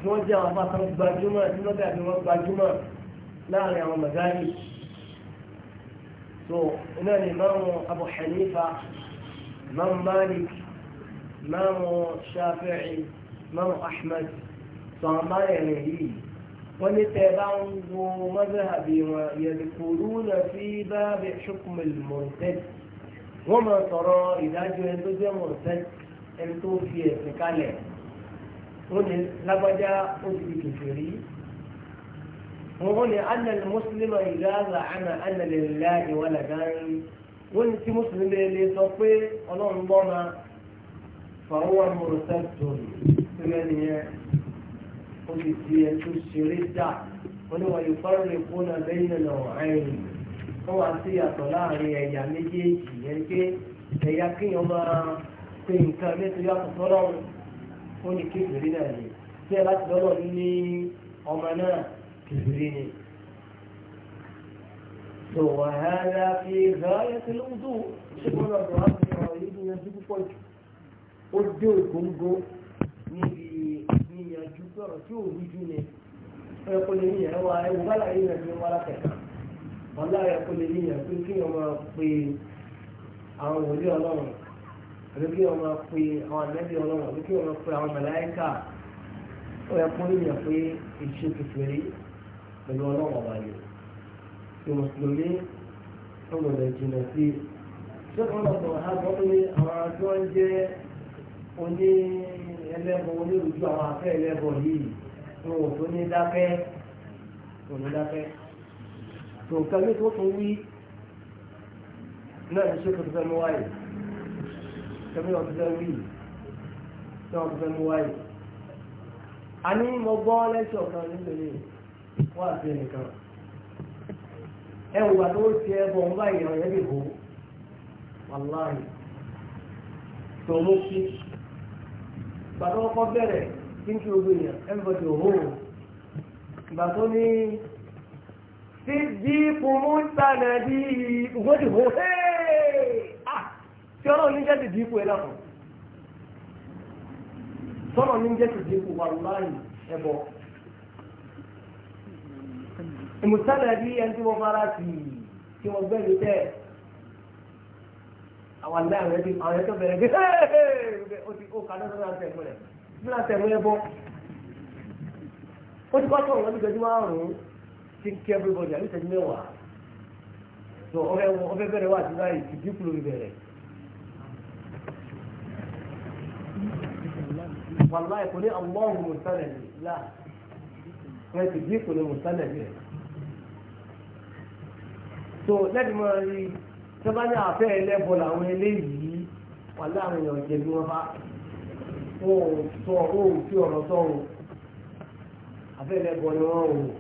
موجه الله خمس باجومة ثم تعد نمس باجومة أبو حنيفة إمام مالك إمام شافعي إمام أحمد صامع يعني ونتابعهم مذهبي ويذكرون في باب حكم المرتد ان توفي wọ́n ní lágbájá ó ti di kèfèrí wọ́n ní anna mùsùlùmí ìlú àgbà àná anna lè la ìwà làdáyé wọ́n ní tí mùsùlùmí lè lè sọ pé ọlọ́run bọ́ ma fàwọn mùrùsẹ̀ tó lè nìyẹn ó ti di ẹ̀ tó ṣeré dà wọ́n ní wọ́n yóò fọ́rọ̀ lè kó náà lẹ́yìn náà lọ́wọ́ àyìn wọ́n wá sí ìyàtọ̀ láàrin ẹ̀yà méjèèjì yẹn pé ẹ̀yà kíyàn máa pe nǹkan nítorí àtọ̀tọ̀ lọ́rùn ó ní kékeré náà ni tí ẹ bá ti lọ́lọ́ ní ọmọ náà kékeré ni. tó wàhálà fi ìhàlẹ́ tí ló ń dùn ṣé kí wọ́n lọ sọ̀rọ̀ àti ọ̀rọ̀ yìí níyanjú púpọ̀ jù ó dé ògóńgó níbi níyanjú pé tí ò rújú ni ẹ kò lè níyàn wá ẹ wò bá láyé náà ní wọ́n látẹ̀ ọ̀la ẹ kò lè níyàn pé kí wọ́n máa pe àwọn òwúlé ọlọ́run àbí kí wọ́n máa pe àwọn ànábì ọlọ́run àbí kí wọ́n máa pe àwọn màláíkà ó yẹ kó níyàn pé èso kékeré pẹ̀lú ọlọ́run ọba yìí tí mùsùlùmí ọgbọ̀n lè jìnnà sí i. ṣé wọ́n lọ sọ̀rọ̀ ha gbọ́ pé àwọn tí wọ́n jẹ́ oní ẹlẹ́bọ onírúurú àwọn afẹ́ ẹlẹ́bọ yìí wọn tó ní dákẹ́ kò ní dákẹ́. tòun kan tó tún wí náà ní ṣé kò tó fẹ́ mú wáyé tẹ̀mí ọ̀tún fẹ́ wí tẹ̀mí ọ̀tún fẹ́ mú wáyé. a ní mo gbọ́ lẹ́sọ̀ kan nítorí wọ́n àti ẹnìkan ẹ wò wà tó ń ti ẹbọ ń bá ìyàwó yẹn lè hó wàláhì tó mú sí gbàtọ́ kọ́ bẹ̀rẹ̀ kí n kí o gbìyànjú ẹ̀ ń bọ̀ tó hó gbàtọ́ ní ti di kùmú sànàdí ìwọ́dìbò hẹ́ẹ́. tí ọlọ́run ní jẹ́ dìdí ipò ẹ̀ tọ́lọ̀ ní jẹ́ dìdí ipò wà láàyè ẹ̀bọ. ìmùsálẹ̀ bí ẹni tí wọ́n fara sí i tí wọ́n gbẹ́ mi tẹ́ àwọn àlẹ́ àwọn ẹbí àwọn bẹ̀rẹ̀ bí ti kó tó náà tẹ̀mú rẹ̀ náà tẹ̀mú ó ti kọ́ tó wọn márùn-ún kí everybody wàlúwà kò ní ọlọ́run mùsàlẹ̀ ní là wọ́n ti dín kò ní mùsàlẹ̀ ní. tó lẹ́yìn mọ́ rí sábà ní àfẹ́ ẹlẹ́bọ̀ làwọn eléyìí wà láàrin èèyàn jẹ̀bi wọn bá wọn ò sọ wọn ò fi ọ̀rọ̀ sọ̀rọ̀ àfẹ́ ẹlẹ́bọ̀ ni wọ́n ò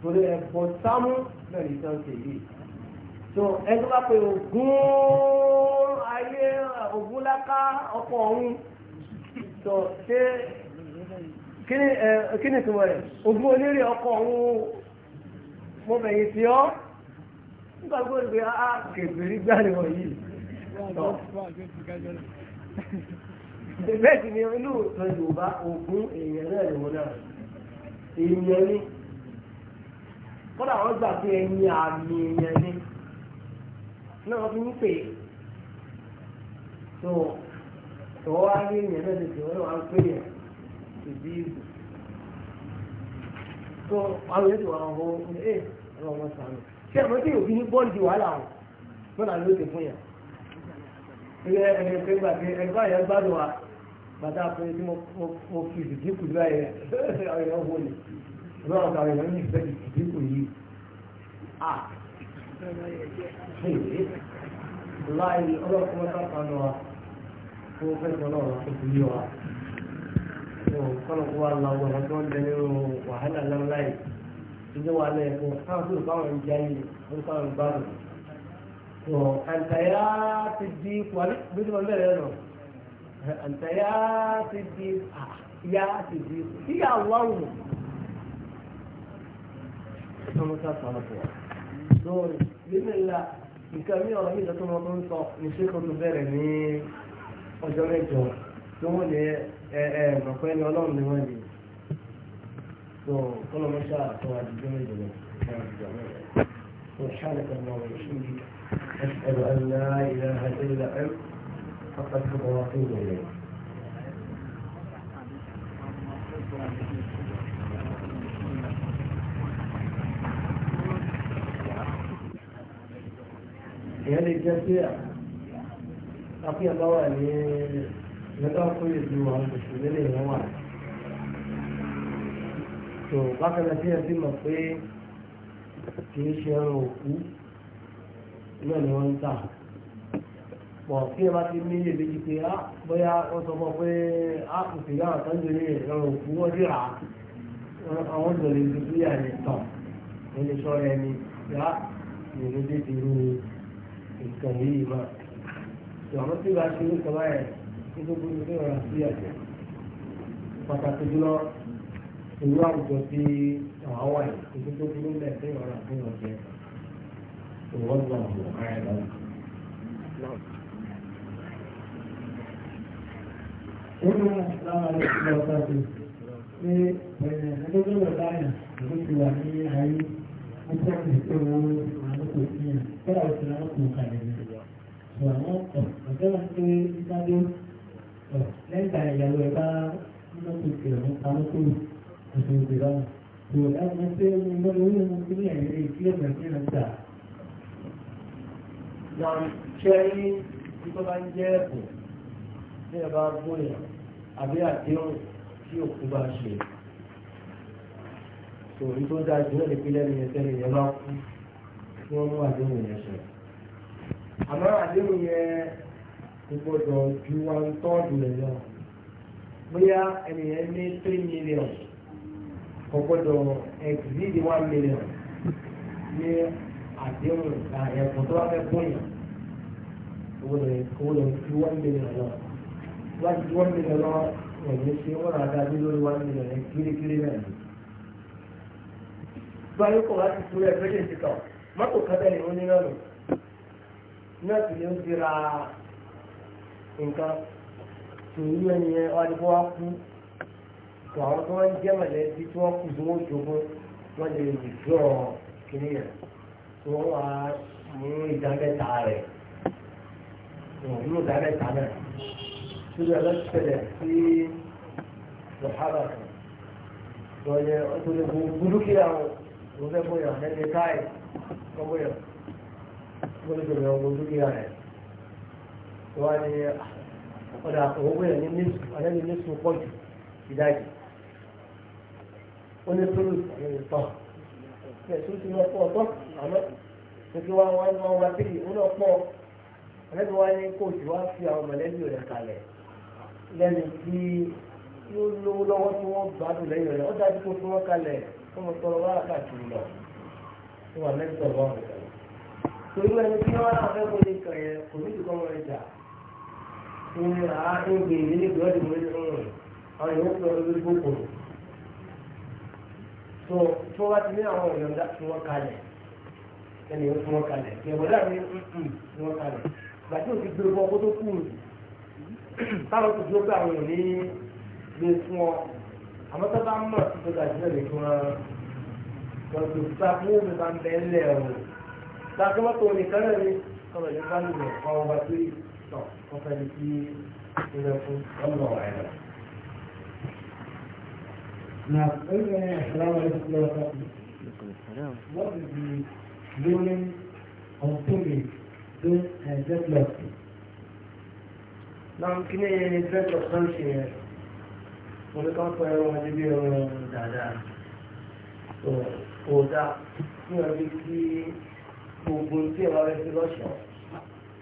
torí ẹ̀bọ̀ sámú bẹ́ẹ̀ ní sáǹtì yìí so ẹni tó bá pe ògún ayé ògún láká ọkọ̀ ọ̀hún. sọ ṣe kí ni ìtumọ̀ rẹ̀ ogún onírè ọkọ̀ òun mo bẹ̀yìn tí ọ́ nígbà gbọ́dọ̀ pé a ah, ah, kèbèrè gbàlè wọ̀nyí. bẹ́ẹ̀ ni inú ìtọ́ Yorùbá ogún èèyàn náà lè wọ́n náà èèyàn ni kódà wọ́n gbà pé ẹni àmì èèyàn tọ́wọ́ wá ní ìyẹn náà tètè wọ́n wá ń pè yẹn ìdí ìbò tó àwọn yóò ti wà wọ́n wọ́n ní ẹ̀ ọ̀rọ̀ wọn sànù ṣé àmọ́ tí òbí ní bọ́ọ̀lù di wàhálà wọn wọn là ló ti fún tó fẹ́ sọ náà tó fi yé wa kọ́nà kó wa la wọn àti wọn bẹ nínú wàhálà ńláńlá yìí ìdí wa lẹ fún káwọn tó bá wọn jẹ yìí wọn bá wọn bá wọn. tó àǹtàyà ti di wàlẹ́ bí tí wọn bẹ̀rẹ̀ lọ àǹtàyà ti di àyà ti di ìyàwó àwọn. sọ́nù ká sọ̀rọ̀ fún wa. lórí bí mi la nǹkan mi ọ̀rọ̀ mi ìdọ́tún tó ń sọ ní ṣé tó bẹ̀rẹ̀ ní ọjọ́ mẹ́jọ tó wọ́n lè ẹ ẹ mọ̀pẹ́ ọlọ́run ni wọ́n lè tó kọ́lọ́mọ́ṣà tó àdìjọ́ mẹ́jọ lọ fún àdìjọ́ mẹ́jọ. سبحانك اللهم وبحمدك أشهد أن لا إله إلا أنت فقد وأتوب إليك Tapi ẹ̀bá wà ní ẹ̀dá fún ìlú àwọn mùsùlùmí lè yẹn wà. tó bákan náà tí ẹ ti mọ̀ pé kì í ṣe ẹran òkú náà ni wọ́n ń tà. pọ̀ kí ẹ bá ti ní iye méjì pé á bóyá wọ́n sọ fún pé á kò sì yára tán lè ní ẹran òkú wọ́n sì rà á. àwọn ìlú lè dúdú yà ní tàn ní ilé sọ́ra ẹni yá ìrèdè ti àwọn tí wàá ṣe orúkọ báyẹn ní gbogbo ní kí wọn sí ẹ̀jẹ̀ pàtàkì jùlọ ìlú àwùjọ tí àwọn wà yìí ètò tó burú lẹ̀ sí ìwọ̀n àti ìwọ̀n jẹ ìwọ̀n gbà wọ̀ káyà lọ́wọ́. Nínú láwọn àlejò ìgbà ọ̀tá sí pé ẹ̀rẹ̀ ẹ̀dọ́gbọ̀n láyà ló ti wà ní ayé ó tẹ̀lé ewu àwọn kò sí yàn kọ́ra òsì àwọn ọ̀gá wọn pé sáré lẹ́yìn ìyàwó ẹ̀ bá mọ́tò ìpè ọ̀hún pamọ́ tó oṣù ìpè báwọn. Ìwò láti ṣe ń lọ lórí ohun tí ní ẹ̀yìn ìpínlẹ̀ Nàìjíríà ń tà. Yàrá ṣe ní tó bá ń jẹ́ ẹ̀bùn tí ẹ bá gbóyà àbí àdéhùn tí òkú bá ṣe. Tòun àmọ́ àdéhùn yẹn gbogbo ju one third rẹ̀ lọ bóyá ènìyàn ní three million kò gbọdọ̀ exceed one million ní àdéhùn ẹ̀kọ́ tó bá fẹ́ bóyá kò gbọdọ̀ ju one million lọ láti ju one million lọ ẹ̀yìn ṣe wọ́n rà dájú lórí one million ẹ̀ kirikiri náà ni. báyìí kò wá ti fúrẹ́ fẹ́lẹ̀ ti kàn mọ́tò kan bẹ́ẹ̀ ni ó ní náà náà sì lè fi ra nǹkan tòun ẹni yẹn wá ní kú tó àwọn tó wọ́n jẹ́ mọ̀lẹ́bí tí wọ́n kù tí wọ́n jogún wọ́n lè withdraw kìíní yẹn tó wọ́n wá mú ìdámẹ́ta rẹ̀ nínú ìdámẹ́ta náà tó lè lọ ṣẹlẹ̀ sí lọ́hábà kan lọ́yẹ ọ̀tọ̀ lè gbogbo dúkìá wọn ló fẹ́ bóyá ẹni káì kọ́ bóyá wọ́n ní bẹ̀rẹ̀ ọmọ dúkìá rẹ̀ wọ́n ní ọ̀dà owó yẹn ní alẹ́ni ní sùn pọ̀ jù ìdájì wọ́n ní tóbi àlẹ́ni tán ẹ̀ tó ti lọ pọ̀ tán àmọ́ tuntun wa wọn wọn wá sí ìwọ́n náà pọ̀ alẹ́ni wa ní kó tí wá fi àwọn mọ̀lẹ́bí rẹ̀ kalẹ̀ lẹ́nu tí yóò lówó lọ́wọ́ tí wọ́n gbádùn lẹ́yìn rẹ̀ ó dájú kó fi wọ́n kalẹ̀ fún mi tọrọ wá torí ẹni tí wọ́n náà fẹ́ kọ́lé kan yẹn kò ní ìdúkọ́ wọn jà ń ra ń gbé ìdílé gbọ́dọ̀ mọ́ ní ọ̀rùn àwọn èèyàn ń lọ lórí gbogbo tó tó wá ti ní àwọn ìyọ̀ǹda tí wọ́n kalẹ̀ ẹni yóò fún wọn kalẹ̀ ìyọ̀ǹda mi ń fún wọn kalẹ̀ ìgbà tí òfin gbé bọ́ kó tó kù táwọn tó dúró pé àwọn ò ní gbé fún ọ àmọ́ tó bá mọ̀ tó ga lè fún ọ lọ́sọ̀tà fún òun bá ń bẹ́ẹ̀ lẹ̀ ọ̀rùn dákúmọ́tò nìkan náà ni ọmọ ìlú bá nílò àwọn ọba tó yìí tọ̀ ọ̀fẹ́ ní kí ilẹ̀ fún ọmọ ọ̀rọ̀ ẹ̀rọ. Now, what is the ruling on pulling those uh, dreadlocks? Now, kí ni dreadlocks náà ṣe yẹn? Mo ní ká ń pẹ́ ẹran wọn débi ẹran dáadáa. Kò dáa, kí wọ́n bí gbogbo tí ẹ̀rọ rẹ̀ sí lọ́ṣọ̀ọ́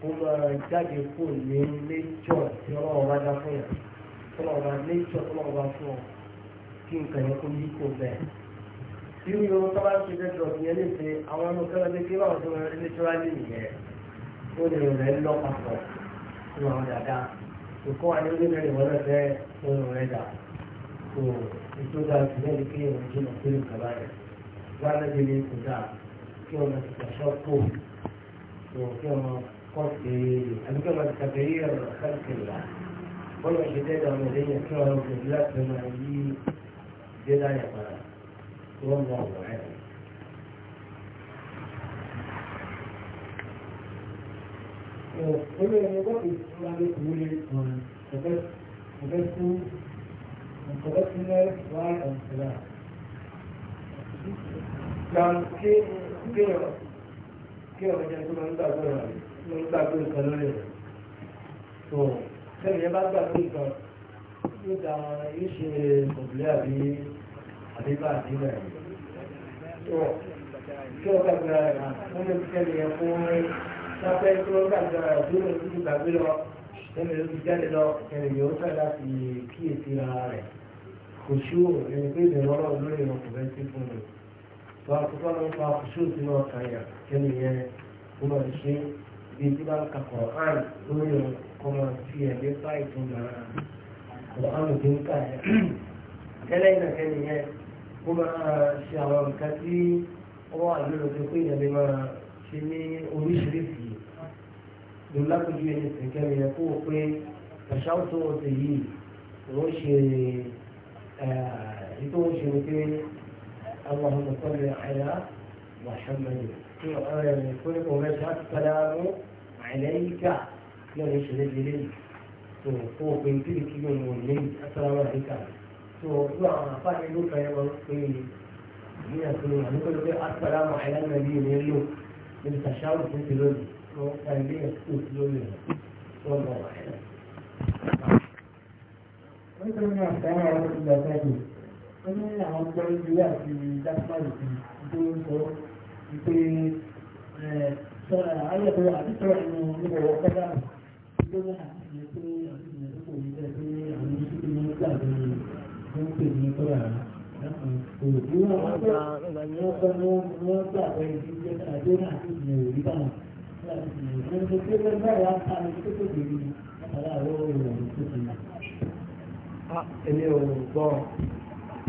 kó máa jáde kó ní lẹ́jọ́ tí ọlọ́run bá dá fún yàn ọlọ́run bá lẹ́jọ́ ọlọ́run bá fún ọ kí nǹkan yẹn kó yí kó bẹ́ẹ̀. irú yorùbá tó bá ń ṣe lẹ́jọ́ ìyẹn lè ṣe àwọn ọmọ kẹrẹ lé kí wọ́n tó rẹ lẹ́tọ́rálì nìyẹn ó lè rẹ̀ lọ papọ̀ fún àwọn dáadáa òkú wa ní orílẹ̀ èdè wọlé fẹ́ ohun rẹ̀ dà kó ètò dáa lẹ́yìn kí èèyàn jìnnà pé nǹkan báyìí wọ́n á lẹ́bi kí ọmọ ti tàṣọ kò tó kí ọmọ kọ́ sí àbí kí ọmọ ti tàbí rí ọ̀rọ̀ káàkiri bọ́lá ṣe dẹ́gbà ọmọ lẹ́yìn kí ọmọ ti fi láti máa yí dẹ́dá yà padà tó ń wọ àwòrán ẹ̀. Olórí ẹni wọ́n fi máa lè kú lé ọ̀rẹ́ kú ọ̀rẹ́ kú lẹ́ wá ọ̀rẹ́ kú lẹ́ kéèyàn kéèyàn jẹ́ tó máa ń gbàgbé rẹ̀ máa ń gbàgbé nǹkan lórí rẹ̀ tó sẹ́yìn yẹn bá gbàgbé nǹkan yóò da yóò ṣe òbílẹ̀ àbí àbíbá àdínà rẹ̀ tó kí wọ́n gbàgbé rẹ̀ náà wọ́n lè sẹ́yìn yẹn fún sáfẹ́ tí wọ́n gbàgbé rẹ̀ tó lè fi gbàgbé lọ ẹni ló fi jáde lọ ẹni yóò fẹ́ láti kíyèsí ara rẹ̀ kò ṣú ẹni pé ìbẹ̀rù lórí ọkùnrin sí fún mi tó àkókò ló ń fa kùsù tí wọ́n kàn yà kẹ́lẹ́ yẹn kó máa ṣe bí tí bá ń ka kọ̀ọ̀án lórí ọkọ̀ máa fi ẹ̀mí bá ìtumọ̀ kọ̀ọ̀án tó ń kà yà kẹ́lẹ́ yẹn kẹ́lẹ́ yẹn kó máa ṣe àwọn nǹkan tí wọ́n wà lórí ọjọ́ pé ìyẹn lè máa ṣe ní oríṣiríṣi lọ́la kojú ẹni sìnkẹ́lẹ́ yẹn kó o pé àṣà òtún ọ̀sẹ̀ yìí wọ́n ṣe ètò òṣèlú pé اللهم صل على محمد كل ومشهد السلام عليك يا يشهد لي فوق من تلك يوم من السلام عليك فوق فاعل كلام من يقول نقول السلام على النبي من له من تشاور في تلوي وكان لي يسكت تلوي والله من وعليكم السلام ورحمة الله وبركاته wọ́n ní àwọn gbọ́ ìwé àti dákúmárì fi tó ń sọ wípé ayẹ̀tọ́ àtìsọ́ ẹnu níbọ̀ ọ̀kọ́dà ló ní àtìsọ́ pé àtìsọ́ tó kò ní bẹ́ẹ̀ pé àwọn oṣù tó ní gbà ní wọ́n pè ní kọ́ra òdúrà wọn gbà wọ́n gbà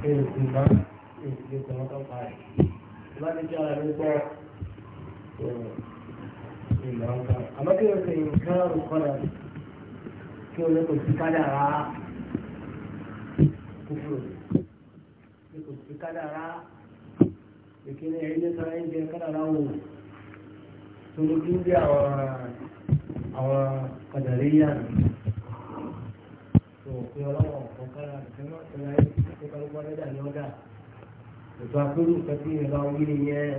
ẹ̀rù ìgbà ìdílé tọ̀wọ́ tó pa ẹ̀. láti jẹ́ ara mi gbọ́ ìgbà ọ̀gá. àmọ́ kí o ṣe nǹkan ọ̀kọ́dà kí o lè kò sí kádàrá kúkúrò lè kò sí kádàrá ìkíni ẹ̀yìn lè sọ̀rọ̀ ẹ̀yìn kádàrá wò torí kí ń bí àwọn àwọn kàdàrí yàrá tó pé ọlọ́wọ́ ọ̀kan kára àti náà tó láyé tó kálukú ọlọ́dà ní ọ̀dà ètò àpérò nǹkan tí ìyẹn bá wí nìyẹn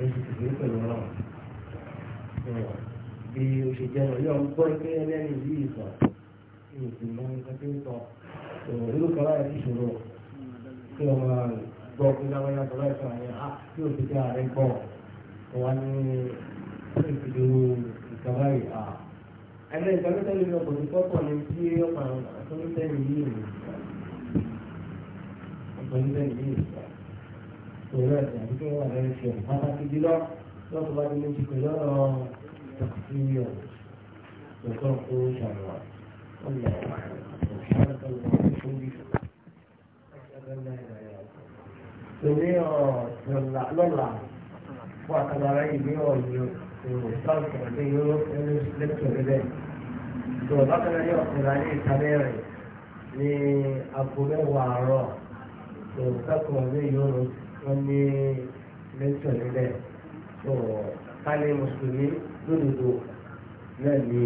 èyí ti fi pẹ̀lú ọlọ́wọ́ bí o ṣe jẹ́ ọ̀yọ́ ń gbọ́ pé ẹlẹ́ni yìí sọ èyí mọ nǹkan tí ń sọ ìlú kan láyé ti ṣòro kí ọmọ gbọ́ pé láwáyá sọ láì sọ àyẹ̀ á tí ti jẹ́ ààrẹ gbọ́ wọn ní ìdílé ìjọba ah ẹgbẹ́ ìgbà tó tẹ́lẹ̀ lọ́kọ̀ ní kọ́kọ́ ní tí ọkọ̀ àtúntẹ́yìn yìí rè àtúntẹ́yìn yìí rè òun náà ti àdúgbò wà lẹ́yìn fi hàn pàtàkì jùlọ lọ́kọ̀ bá nílé ti pẹ̀lú ọ̀rọ̀ tàkìtìyọ̀ nǹkan tó ṣàlùwà wọ́n lè wà lọ́la fún àtàlàrà ìgbéyàwó yìí. ومستوى كمتين يورو انه سلكت بذلك وبقنا يؤخذ عليه تماري ní aago mẹ́wàá àárọ̀ tó kẹ́kọ̀ọ́ ní yòrò wọn ní lẹ́tọ̀ nílẹ̀ tó kálí mùsùlùmí lódodo náà ní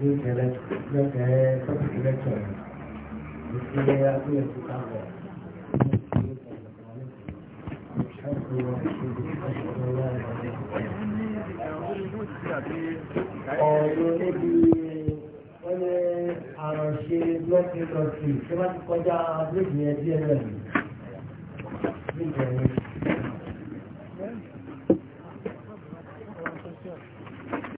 lẹ́tẹ̀ẹ́ tọ́pìkì lẹ́tọ̀ yìí ní agbóyè tó kà bọ̀. Thank you ọ̀rọ̀ níbi wọ́n ní àránṣe blọ́ọ̀kì tí wọ́n ti kọjá bíríkì yẹn díẹ̀ náà